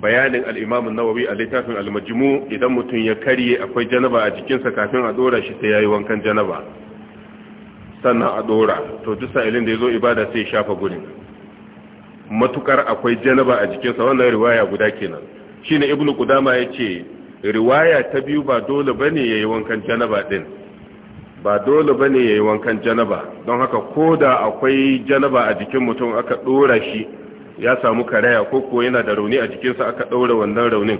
bayanin al-Imam an-Nawawi a littafin almajimu idan mutum ya karye akwai janaba a jikinsa kafin a dora shi sai yayi wankan janaba sannan a dora to duk sa'ilin da yazo ibada sai shafa gurin matukar akwai janaba a jikinsa wannan riwaya guda kenan shine Ibn ya ce riwaya ta biyu ba dole bane yayi wankan janaba din ba dole bane yayi wankan janaba don haka koda akwai janaba a jikin mutum aka dora shi ya samu karaya ko ko yana da rauni a jikinsa aka daura wannan raunin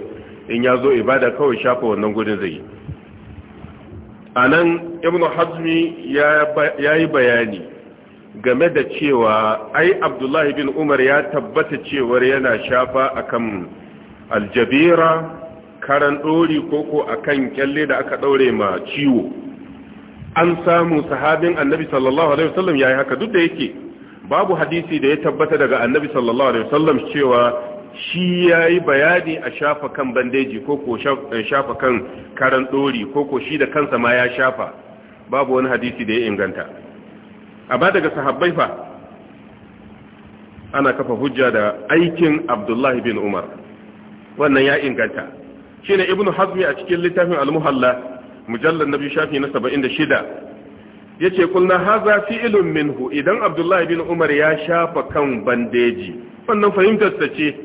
in ya zo ibada kawai shafa wannan gurin zai yi a nan ibn hazmi ya yi bayani game da cewa ai abdullahi bin umar ya tabbata cewar yana shafa akan aljabira karan ɗori koko akan kyalle da aka ɗaure ma ciwo an samu sahabin annabi sallallahu alaihi wasallam yayi haka duk da yake babu hadisi da ya tabbata daga annabi sallallahu alaihi wasallam cewa shi yayi bayani a shafa kan bandeji ko ko eh, shafa kan karan dori ko ko shi da kansa ma ya shafa babu wani hadisi da ya inganta amma daga sahabbai fa ana kafa hujja da aikin Abdullahi bin Umar wannan ya inganta shine Ibnu Hazmi a cikin littafin Al-Muhalla mujallar nabi shafi na ya yace kulna haza fi'lun minhu idan abdullahi bin umar ya shafa kan bandeji wannan fahimtar ta ce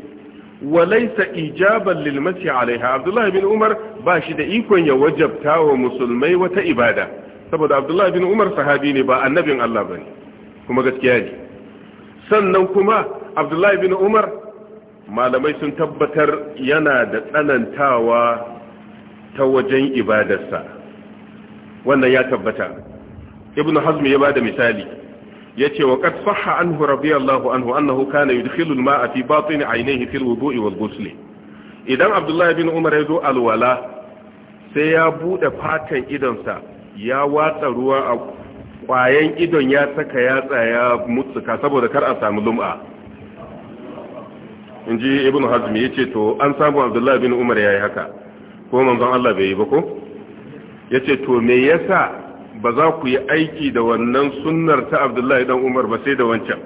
walaisa ijaban lil masi alaiha abdullahi bin umar ba shi da ikon ya wajabta wa musulmai wata ibada saboda abdullahi bin umar sahabi ne ba annabin Allah bane kuma gaskiya ne sannan kuma abdullahi bin umar malamai sun tabbatar yana da tsanantawa ta wajen ibadarsa wannan ya tabbata ibn al-Hazmi ya bada misali yace wa qad sahha anhu radiyallahu anhu annahu kana yudkhilu al-ma'a fi batin 'aynayhi fi al-wudu'i wal-ghusl idan abdullahi bin umar ya zo alwala sai ya bude fatan idonsa ya watsa ruwa a kwayan idon ya saka yatsa ya mutsuka saboda kar a samu lum'a inji ibn hazm yace to an samu abdullahi bin umar yayi haka ko manzon Allah bai yi ba ko yace to me yasa ba za ku yi aiki da wannan sunnar ta Abdullahi dan Umar ba sai da wancan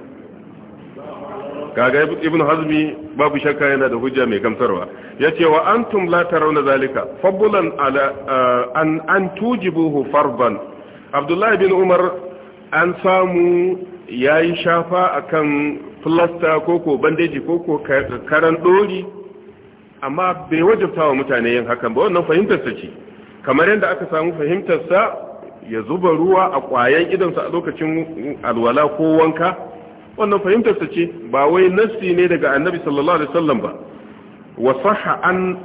kaga ibn hazmi babu shakka yana da hujja mai gamsarwa yace wa antum la tarawna zalika fadlan ala eh, an an tujibuhu abdullahi bin umar an samu yayi shafa akan plaster koko bandeji koko karan dori amma bai wajabta wa mutane yin hakan ba wannan fahimtarsa ce kamar yadda aka samu fahimtarsa ya zuba ruwa a ƙwayan idonsa a lokacin alwala ko wanka wannan fahimtarsa ce ba wai nassi ne daga annabi sallallahu alaihi wasallam ba wa sahha an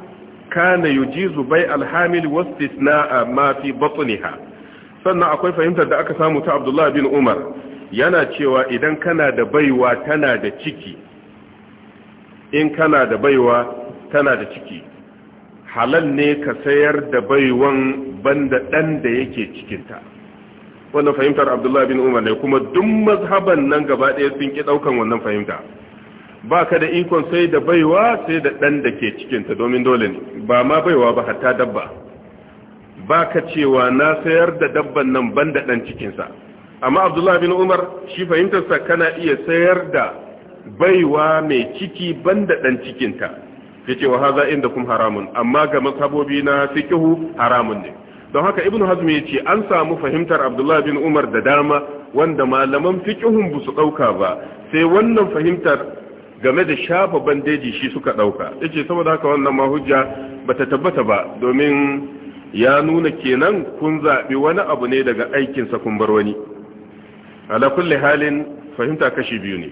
kana yujizu bai alhamil wastisna ma fi batniha sannan akwai fahimtar da aka samu ta Abdullah bin Umar yana cewa idan kana da baiwa tana da ciki in kana da baiwa tana da ciki halal ne ka sayar da baiwan banda ɗan da yake cikinta wannan fahimtar abdullahi bin umar ne kuma duk mazhaban nan gaba ɗaya sun ki ɗaukan wannan fahimta ba ka da ikon sai da baiwa sai da ɗan da ke cikinta domin dole ne ba ma baiwa ba hatta dabba ba ka cewa na sayar da dabban nan banda ɗan cikinsa amma abdullahi bin umar shi fahimtarsa kana iya sayar da baiwa mai ciki banda ɗan cikinta yace wa haza kum haramun amma ga mazhabobi na fikihu haramun ne don haka ibnu hazm ce an samu fahimtar abdullahi bin umar da dama wanda malaman fikihun ba su dauka ba sai wannan fahimtar game da shafa bandeji shi suka dauka yace saboda haka wannan ma hujja bata tabbata ba domin ya nuna kenan kun zabi wani abu ne daga aikin sa kun bar wani ala kulli halin fahimta kashi biyu ne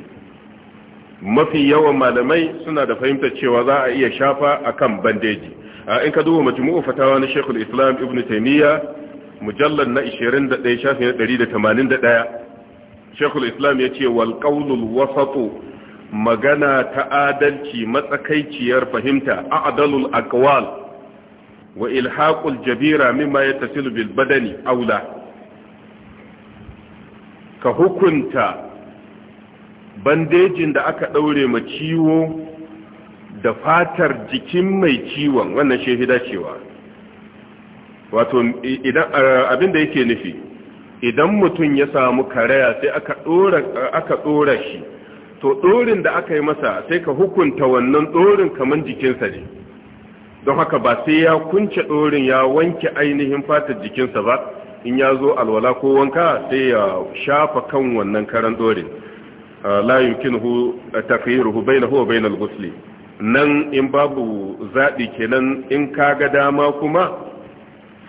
mafi yawan malamai suna da fahimtar cewa za a iya shafa akan bandeji in ka duba majmu'u fatawa na Sheikhul Islam Ibn Taymiyyah mujallal na 21 shafi na 181 Sheikhul Islam yace wal qawlul wasatu magana ta adalci matsakaiciyar fahimta a'dalul aqwal wa ilhaqul jabira mimma yattasilu bil badani aula ka hukunta bandejin da aka ɗaure ma ciwo da fatar jikin mai ciwon wannan shehida cewa wato abinda yake nufi idan mutum ya samu karaya sai aka ɗora shi to ɗorin da aka yi masa sai ka hukunta wannan ɗorin kamar jikinsa ne don haka ba sai ya kunce ɗorin ya wanke ainihin fatar jikinsa ba in ya zo alwala ko wanka sai ya shafa kan wannan karan ɗorin la yumkinuhu tafyiruhu bainahu wa bainal ghusli nan in babu zaɗi kenan in kaga dama kuma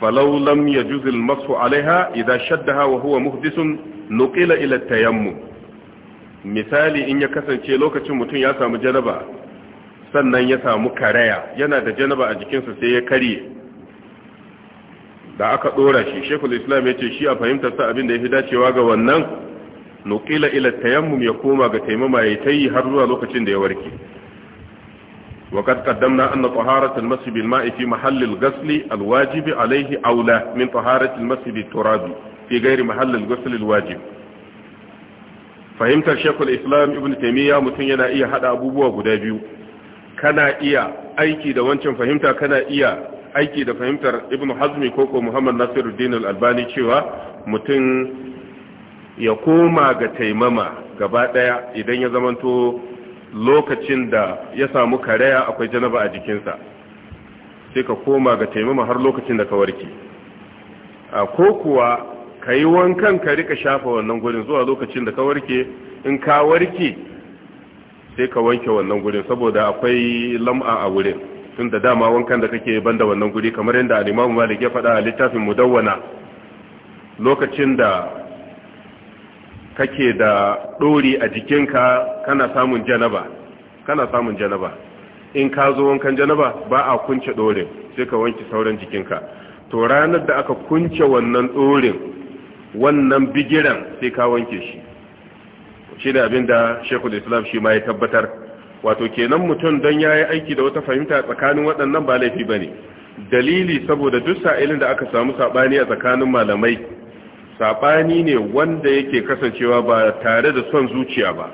falau lam yajuz al masu alaiha idha shaddaha wa huwa muhdithun nuqila ila tayammum misali in ya kasance lokacin mutum ya samu janaba sannan ya samu karaya yana da janaba a jikinsa sai ya karye da aka dora shi shekul islam ya ce shi a fahimtar sa abin da ya fi dacewa ga wannan nuqila ila tayammum ya koma ga taimama yayi tayi har zuwa lokacin da ya warke وقد قدمنا أن طهارة المسجد بالماء في محل الغسل الواجب عليه أولى من طهارة المسجد بالتراب في غير محل الغسل الواجب fahimtar shekul islam ibn taimiyya mutum yana iya haɗa abubuwa guda biyu kana iya aiki da wancan fahimta kana iya aiki da fahimtar ibn hazmi ko ko muhammad nasiruddin al-albani cewa mutum ya koma ga taimama gaba daya idan ya zamanto lokacin da ya samu karaya akwai janaba a jikinsa sai ka koma ga taimama har lokacin da ka warke ko kuwa ka yi wankan ka rika shafa wannan gurin zuwa lokacin da ka warke in ka warke sai ka wanke wannan gurin saboda akwai lam'a a wurin tun da dama wankan da kake banda wannan guri kamar yadda al'imamu malik ya faɗa a littafin mudawwana lokacin da kake da ɗori a jikinka kana samun janaba kana samun janaba in ka zo wankan janaba ba a kunce ɗorin sai ka wanke sauran jikinka to ranar da aka kunce wannan dorin wannan bigiran sai ka wanke shi shi da abin da shekul islam shi ma ya tabbatar wato kenan mutum don ya yi aiki da wata fahimta tsakanin waɗannan ba laifi ba ne dalili saboda duk sa'ilin da aka samu saɓani a tsakanin malamai saɓani ne wanda yake kasancewa ba tare da son zuciya ba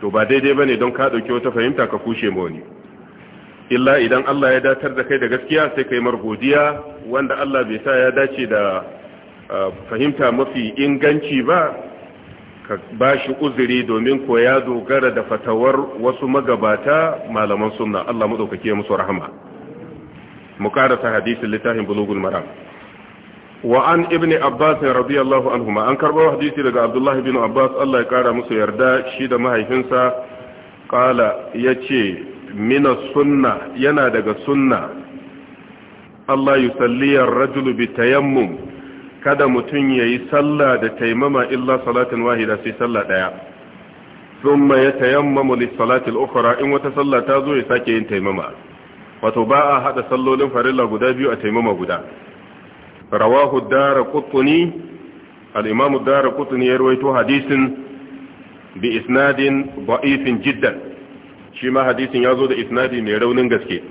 to ba daidai ba ne don ka ɗauki wata fahimta ka kushe ma wani illa idan Allah ya datar da kai da gaskiya sai kai margodiya wanda Allah bai sa ya dace da fahimta mafi inganci ba ka ba shi uzuri domin ko ya dogara da fatawar wasu magabata malaman sunna Allah mu dauke musu rahama mu ƙarasa hadisin littafin bulugul maram وعن ابن عباس رضي الله عنهما an كربوا حديثي daga Abdullah ibn Abbas Allah ya kara musu yarda shi da mahaifinsa qala yace mina sunna yana daga sunna Allah yusalli ar-rajul bitayammum kada mutun yayi sallah da taymama illa salatan wahida sai sallah daya thumma yatayammamu li salati al-ukhra in wata sallah ta zo ya sake yin taimama wato ba a haɗa sallolin farilla guda biyu a taimama guda rawahu daraqutni al-imam daraqutni ya rawaito hadisin bi isnadin da'ifin jiddan shi ma hadisin yazo da isnadi mai raunin gaske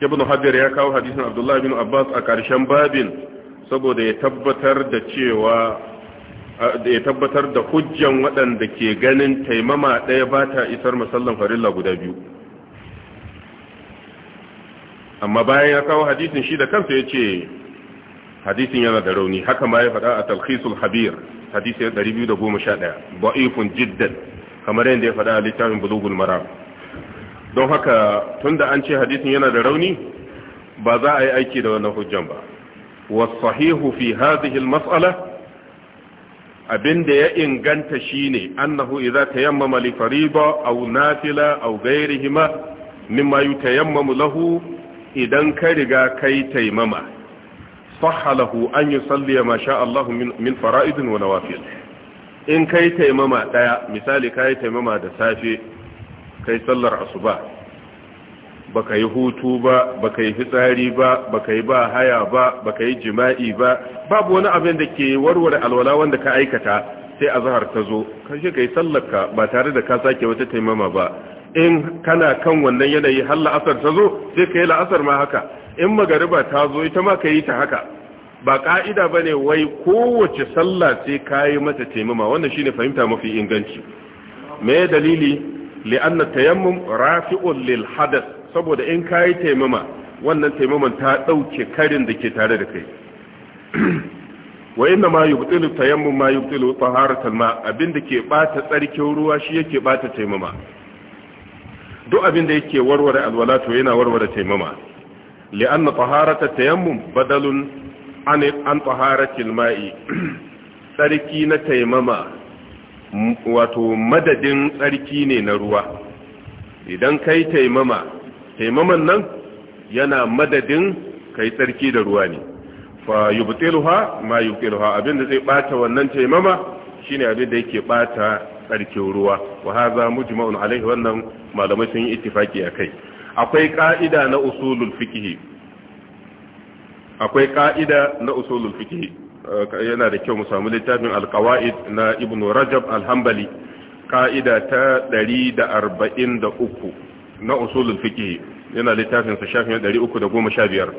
ibn hajar ya kawo hadisin abdullahi bin abbas a karshen babin saboda ya tabbatar da hujjan waɗanda ke ganin taimama ɗaya ba ta isar musallan farilla guda biyu amma bayan ya kawo hadisin shi da kansa ya ce hadisin yana da rauni haka ma ya faɗa a talkhisul habir hadisi 211 ba'ifun jiddan kamar yadda ya faɗa a littafin bulugul don haka tunda an ce hadisin yana da rauni ba za a yi aiki da wannan hujjan ba wasahihu fi hadhihi almas'ala abinda ya inganta shine annahu idza tayammama li fariida aw nafila aw ghayrihima mimma yutayammamu lahu idan ka riga kai taimama sahalahu an yi salliya masha Allah min fara'idin wa nawafil in kai taimama ɗaya misali kai taimama da safe kai sallar asuba ka yi hutu ba ka yi fitsari ba ka yi ba haya ba ka yi jima'i ba babu wani abin da ke warware alwala wanda ka aikata sai a zahar ta zo ka yi sallar sallarka ba tare da ka sake wata taimama ba in kana kan wannan yanayi har la'asar ta zo sai ka yi la'asar ma haka in magariba ta zo ita ma ka yi ta haka ba ka'ida ba ne wai kowace sallah sai ka yi mata taimama wannan shine fahimta mafi inganci me dalili li'anna tayammum rafi'un lil hadas saboda in ka yi taimama wannan taimaman ta ɗauke karin da ke tare da kai wa inna ma yubtilu tayammum ma yubtilu taharatul ma abinda ke bata tsarkin ruwa shi yake bata taimama duk abin da yake warware alwala to yana warware taimama li'anna taharata tayammum badalun an an taharatil ma'i tsarki na taimama wato madadin tsarki ne na ruwa idan kai taimama taimaman nan yana madadin kai tsarki da ruwa ne fa yubtiluha ma yubtiluha abin da zai bata wannan taimama shine abin da yake bata tsarkin ruwa wa haza mujma'un alaihi wannan malamai sun yi ittifaki akai akwai ka'ida na usulul fiqh akwai ka'ida na usulul fiqh eh, yana da kyau mu samu littafin alqawaid na ibnu rajab alhambali ka'ida ta 143 na usulul fiqh yana littafin sa shafin 315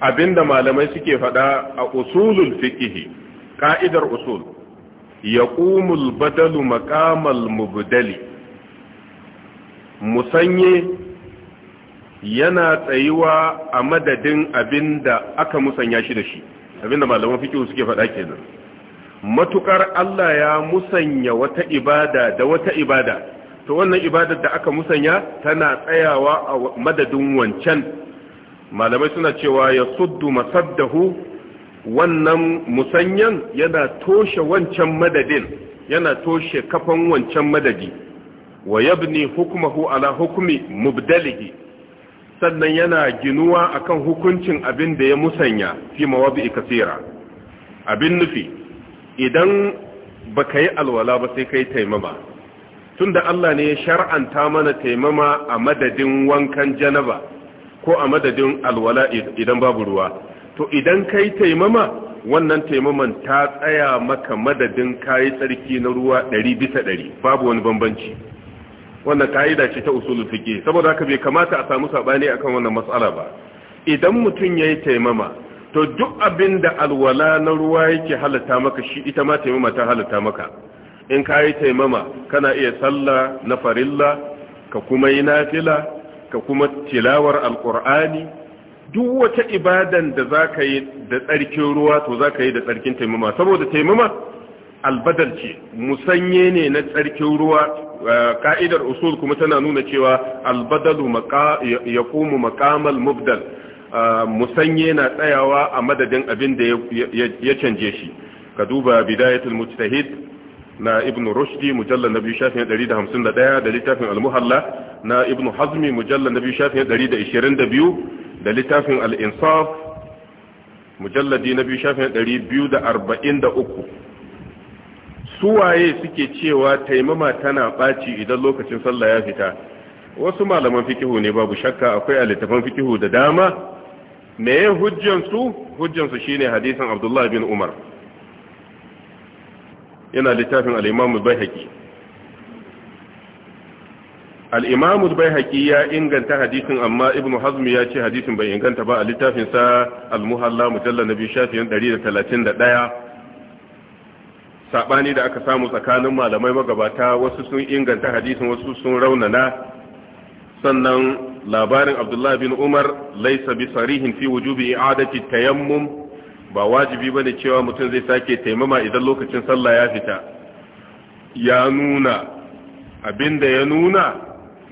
abinda malamai suke fada a usulul fiqh ka'idar usul ƙumul badalu makamal mubdali musanye yana tsayuwa a madadin abinda aka musanya shi da shi da malaman fikihu suke faɗa kenan matukar Allah ya musanya wata ibada da wata ibada to wannan ibadar da aka musanya tana tsayawa a madadin wancan malamai suna cewa ya suddu masaddahu wannan musanyan yana toshe wancan madadin yana toshe kafan wancan madadi wa yabni hukmuhu ala hukmi mubdalihi sannan yana ginuwa akan hukuncin abin da ya musanya fi mawadi kaseera abin nufi idan baka yi alwala ba sai kai taimama tunda Allah ne ya shar'anta mana taimama a madadin wankan janaba ko a madadin alwala idan babu ruwa to idan kai taimama wannan taimaman ta tsaya maka madadin kayi tsarki na ruwa 100 bisa 100 babu wani bambanci wannan ka'ida ce ta usulul fiqh saboda haka bai kamata a samu sabani akan wannan matsala ba idan mutum yayi taimama to duk abin da alwala na ruwa yake halatta maka shi ita ma taimama ta halatta maka in kayi taimama kana iya sallah na farilla ka kuma yi nafila ka kuma tilawar alqur'ani duk wata ibadan da za ka yi da tsarkin ruwa to za ka yi da tsarkin taimama saboda taimama albadal ce musanye ne na tsarkin ruwa ka'idar usul kuma tana nuna cewa albadalu ya komu makamal mubdal musanye na tsayawa a madadin abin da ya canje shi ka duba bidayatul mujtahid na ibn rushdi mujallal na biyu shafin 151 da littafin al-muhalla na ibn hazmi mujallal na biyu shafin 122 da littafin al-insaf mujalladi na biyu shafin 243 suwaye suke cewa taimama tana baci idan lokacin sallah ya fita wasu malaman fikihu ne babu shakka akwai a littafin fikihu da dama me hujjansu hujjansu shine hadisin abdullah bin umar yana littafin al bai haƙi ya inganta hadisin amma ibn hazmi ya ce hadisin bai inganta ba a littafin sa al-muhalla mujallal nabi shafi'in 131 saɓani da aka samu tsakanin malamai magabata wasu sun inganta hadisin wasu sun raunana sannan labarin abdullahi bin umar laisa bi sarihin fi wujubi i'adati tayammum ba wajibi bane cewa mutum zai sake taimama idan lokacin sallah ya fita ya nuna abinda ya nuna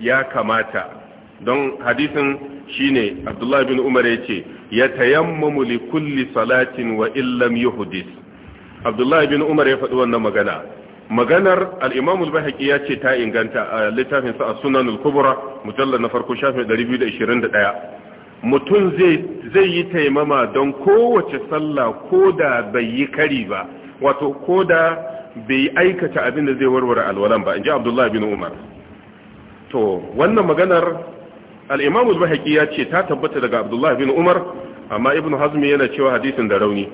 ya kamata don hadisin shine Abdullah bin Umar yace ya tayammamu li kulli salatin wa illam yuhdis Abdullah bin Umar ya faɗi wannan magana maganar al-Imam al-Baihaqi yace ta inganta littafin sa As-Sunan al-Kubra mujallal na farko shafi 221 mutum zai yi taimama don kowace sallah ko da bai yi kari ba wato ko da bai aikata abin da zai warware alwalan ba in ji abdullahi bin umar to wannan maganar al'imamu bahaki ya ce ta tabbata daga abdullahi bin umar amma ibn hazmi yana cewa hadisin da rauni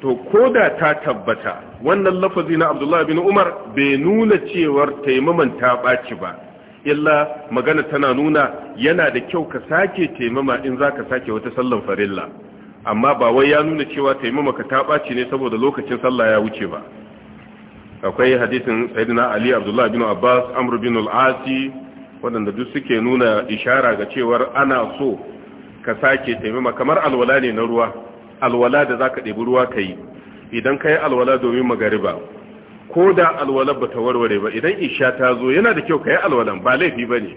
to ko da ta tabbata wannan lafazi na abdullahi bin umar bai nuna cewar taimaman ta ɓaci ba illa magana tana nuna yana da kyau ka sake taimama in za ka sake wata sallan farilla amma ba wai ya nuna cewa taimama ka ta ɓaci ne saboda lokacin sallah ya wuce ba akwai hadisin sayyidina ali abdullahi bin abbas amr bin al-asi waɗanda duk suke nuna ishara ga cewar ana so ka sake taimama kamar alwala ne na ruwa alwala da zaka ɗebi ruwa ka yi idan ka yi alwala domin magariba ko da alwalar ba ta warware ba idan isha ta zo yana da kyau ka yi alwalan ba laifi ba ne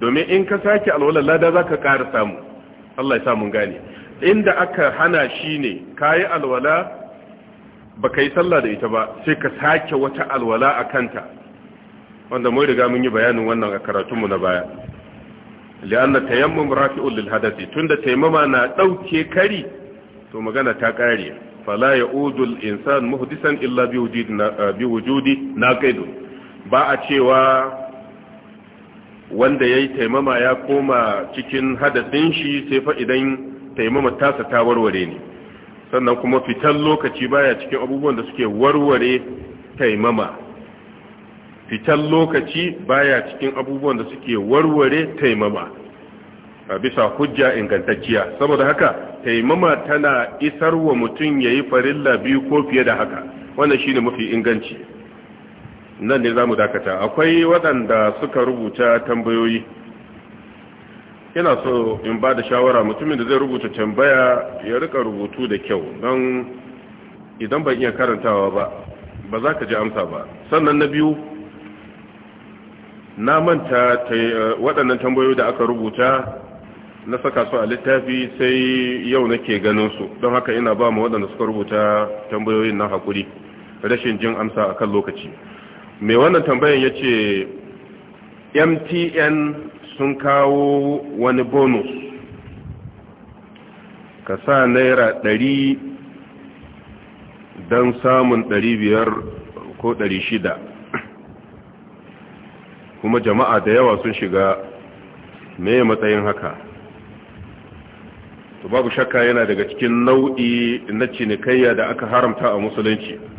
domin in ka sake alwalar lada za ka ƙara samu Allah ya samun gane inda aka hana shi ne ka yi alwala ba ka yi sallah da ita ba sai ka sake wata alwala a kanta wanda mai riga mun yi bayanin wannan a karatunmu na baya li'anna tayammum rafi'ul lil hadathi tunda taimama na dauke kari to magana ta ƙare. fala يعود الانسان insan muhdisan illa bi ناقد eh, bi ba a cewa wanda ya yi taimama ya koma cikin hadasin shi sai fa idan taimama tasa ta warware ne sannan kuma fitan lokaci baya cikin abubuwan da suke warware taimama fitan lokaci baya cikin abubuwan da suke warware taimama bisa hujja ingantacciya saboda haka taimama tana isar wa mutum ya yi farilla biyu ko fiye da haka wannan shine mafi inganci nan ne za mu dakata akwai waɗanda suka rubuta tambayoyi yana so in ba da shawara mutumin da zai rubuta tambaya ya rika rubutu da kyau don idan ban iya karantawa ba ba za ka ji amsa ba sannan na biyu na manta eh, waɗannan tambayoyi da aka rubuta na saka su a littafi sai yau nake ganin su don haka ina ba mu waɗanda suka rubuta tambayoyin na hakuri rashin jin amsa akan lokaci mai wannan tambayan ya ce mtn sun kawo wani bonus ka sa naira ɗari don samun ɗari biyar ko ɗari kuma jama'a da yawa sun shiga me matsayin haka to babu shakka yana daga cikin nau'i na cinikayya da aka haramta a musulunci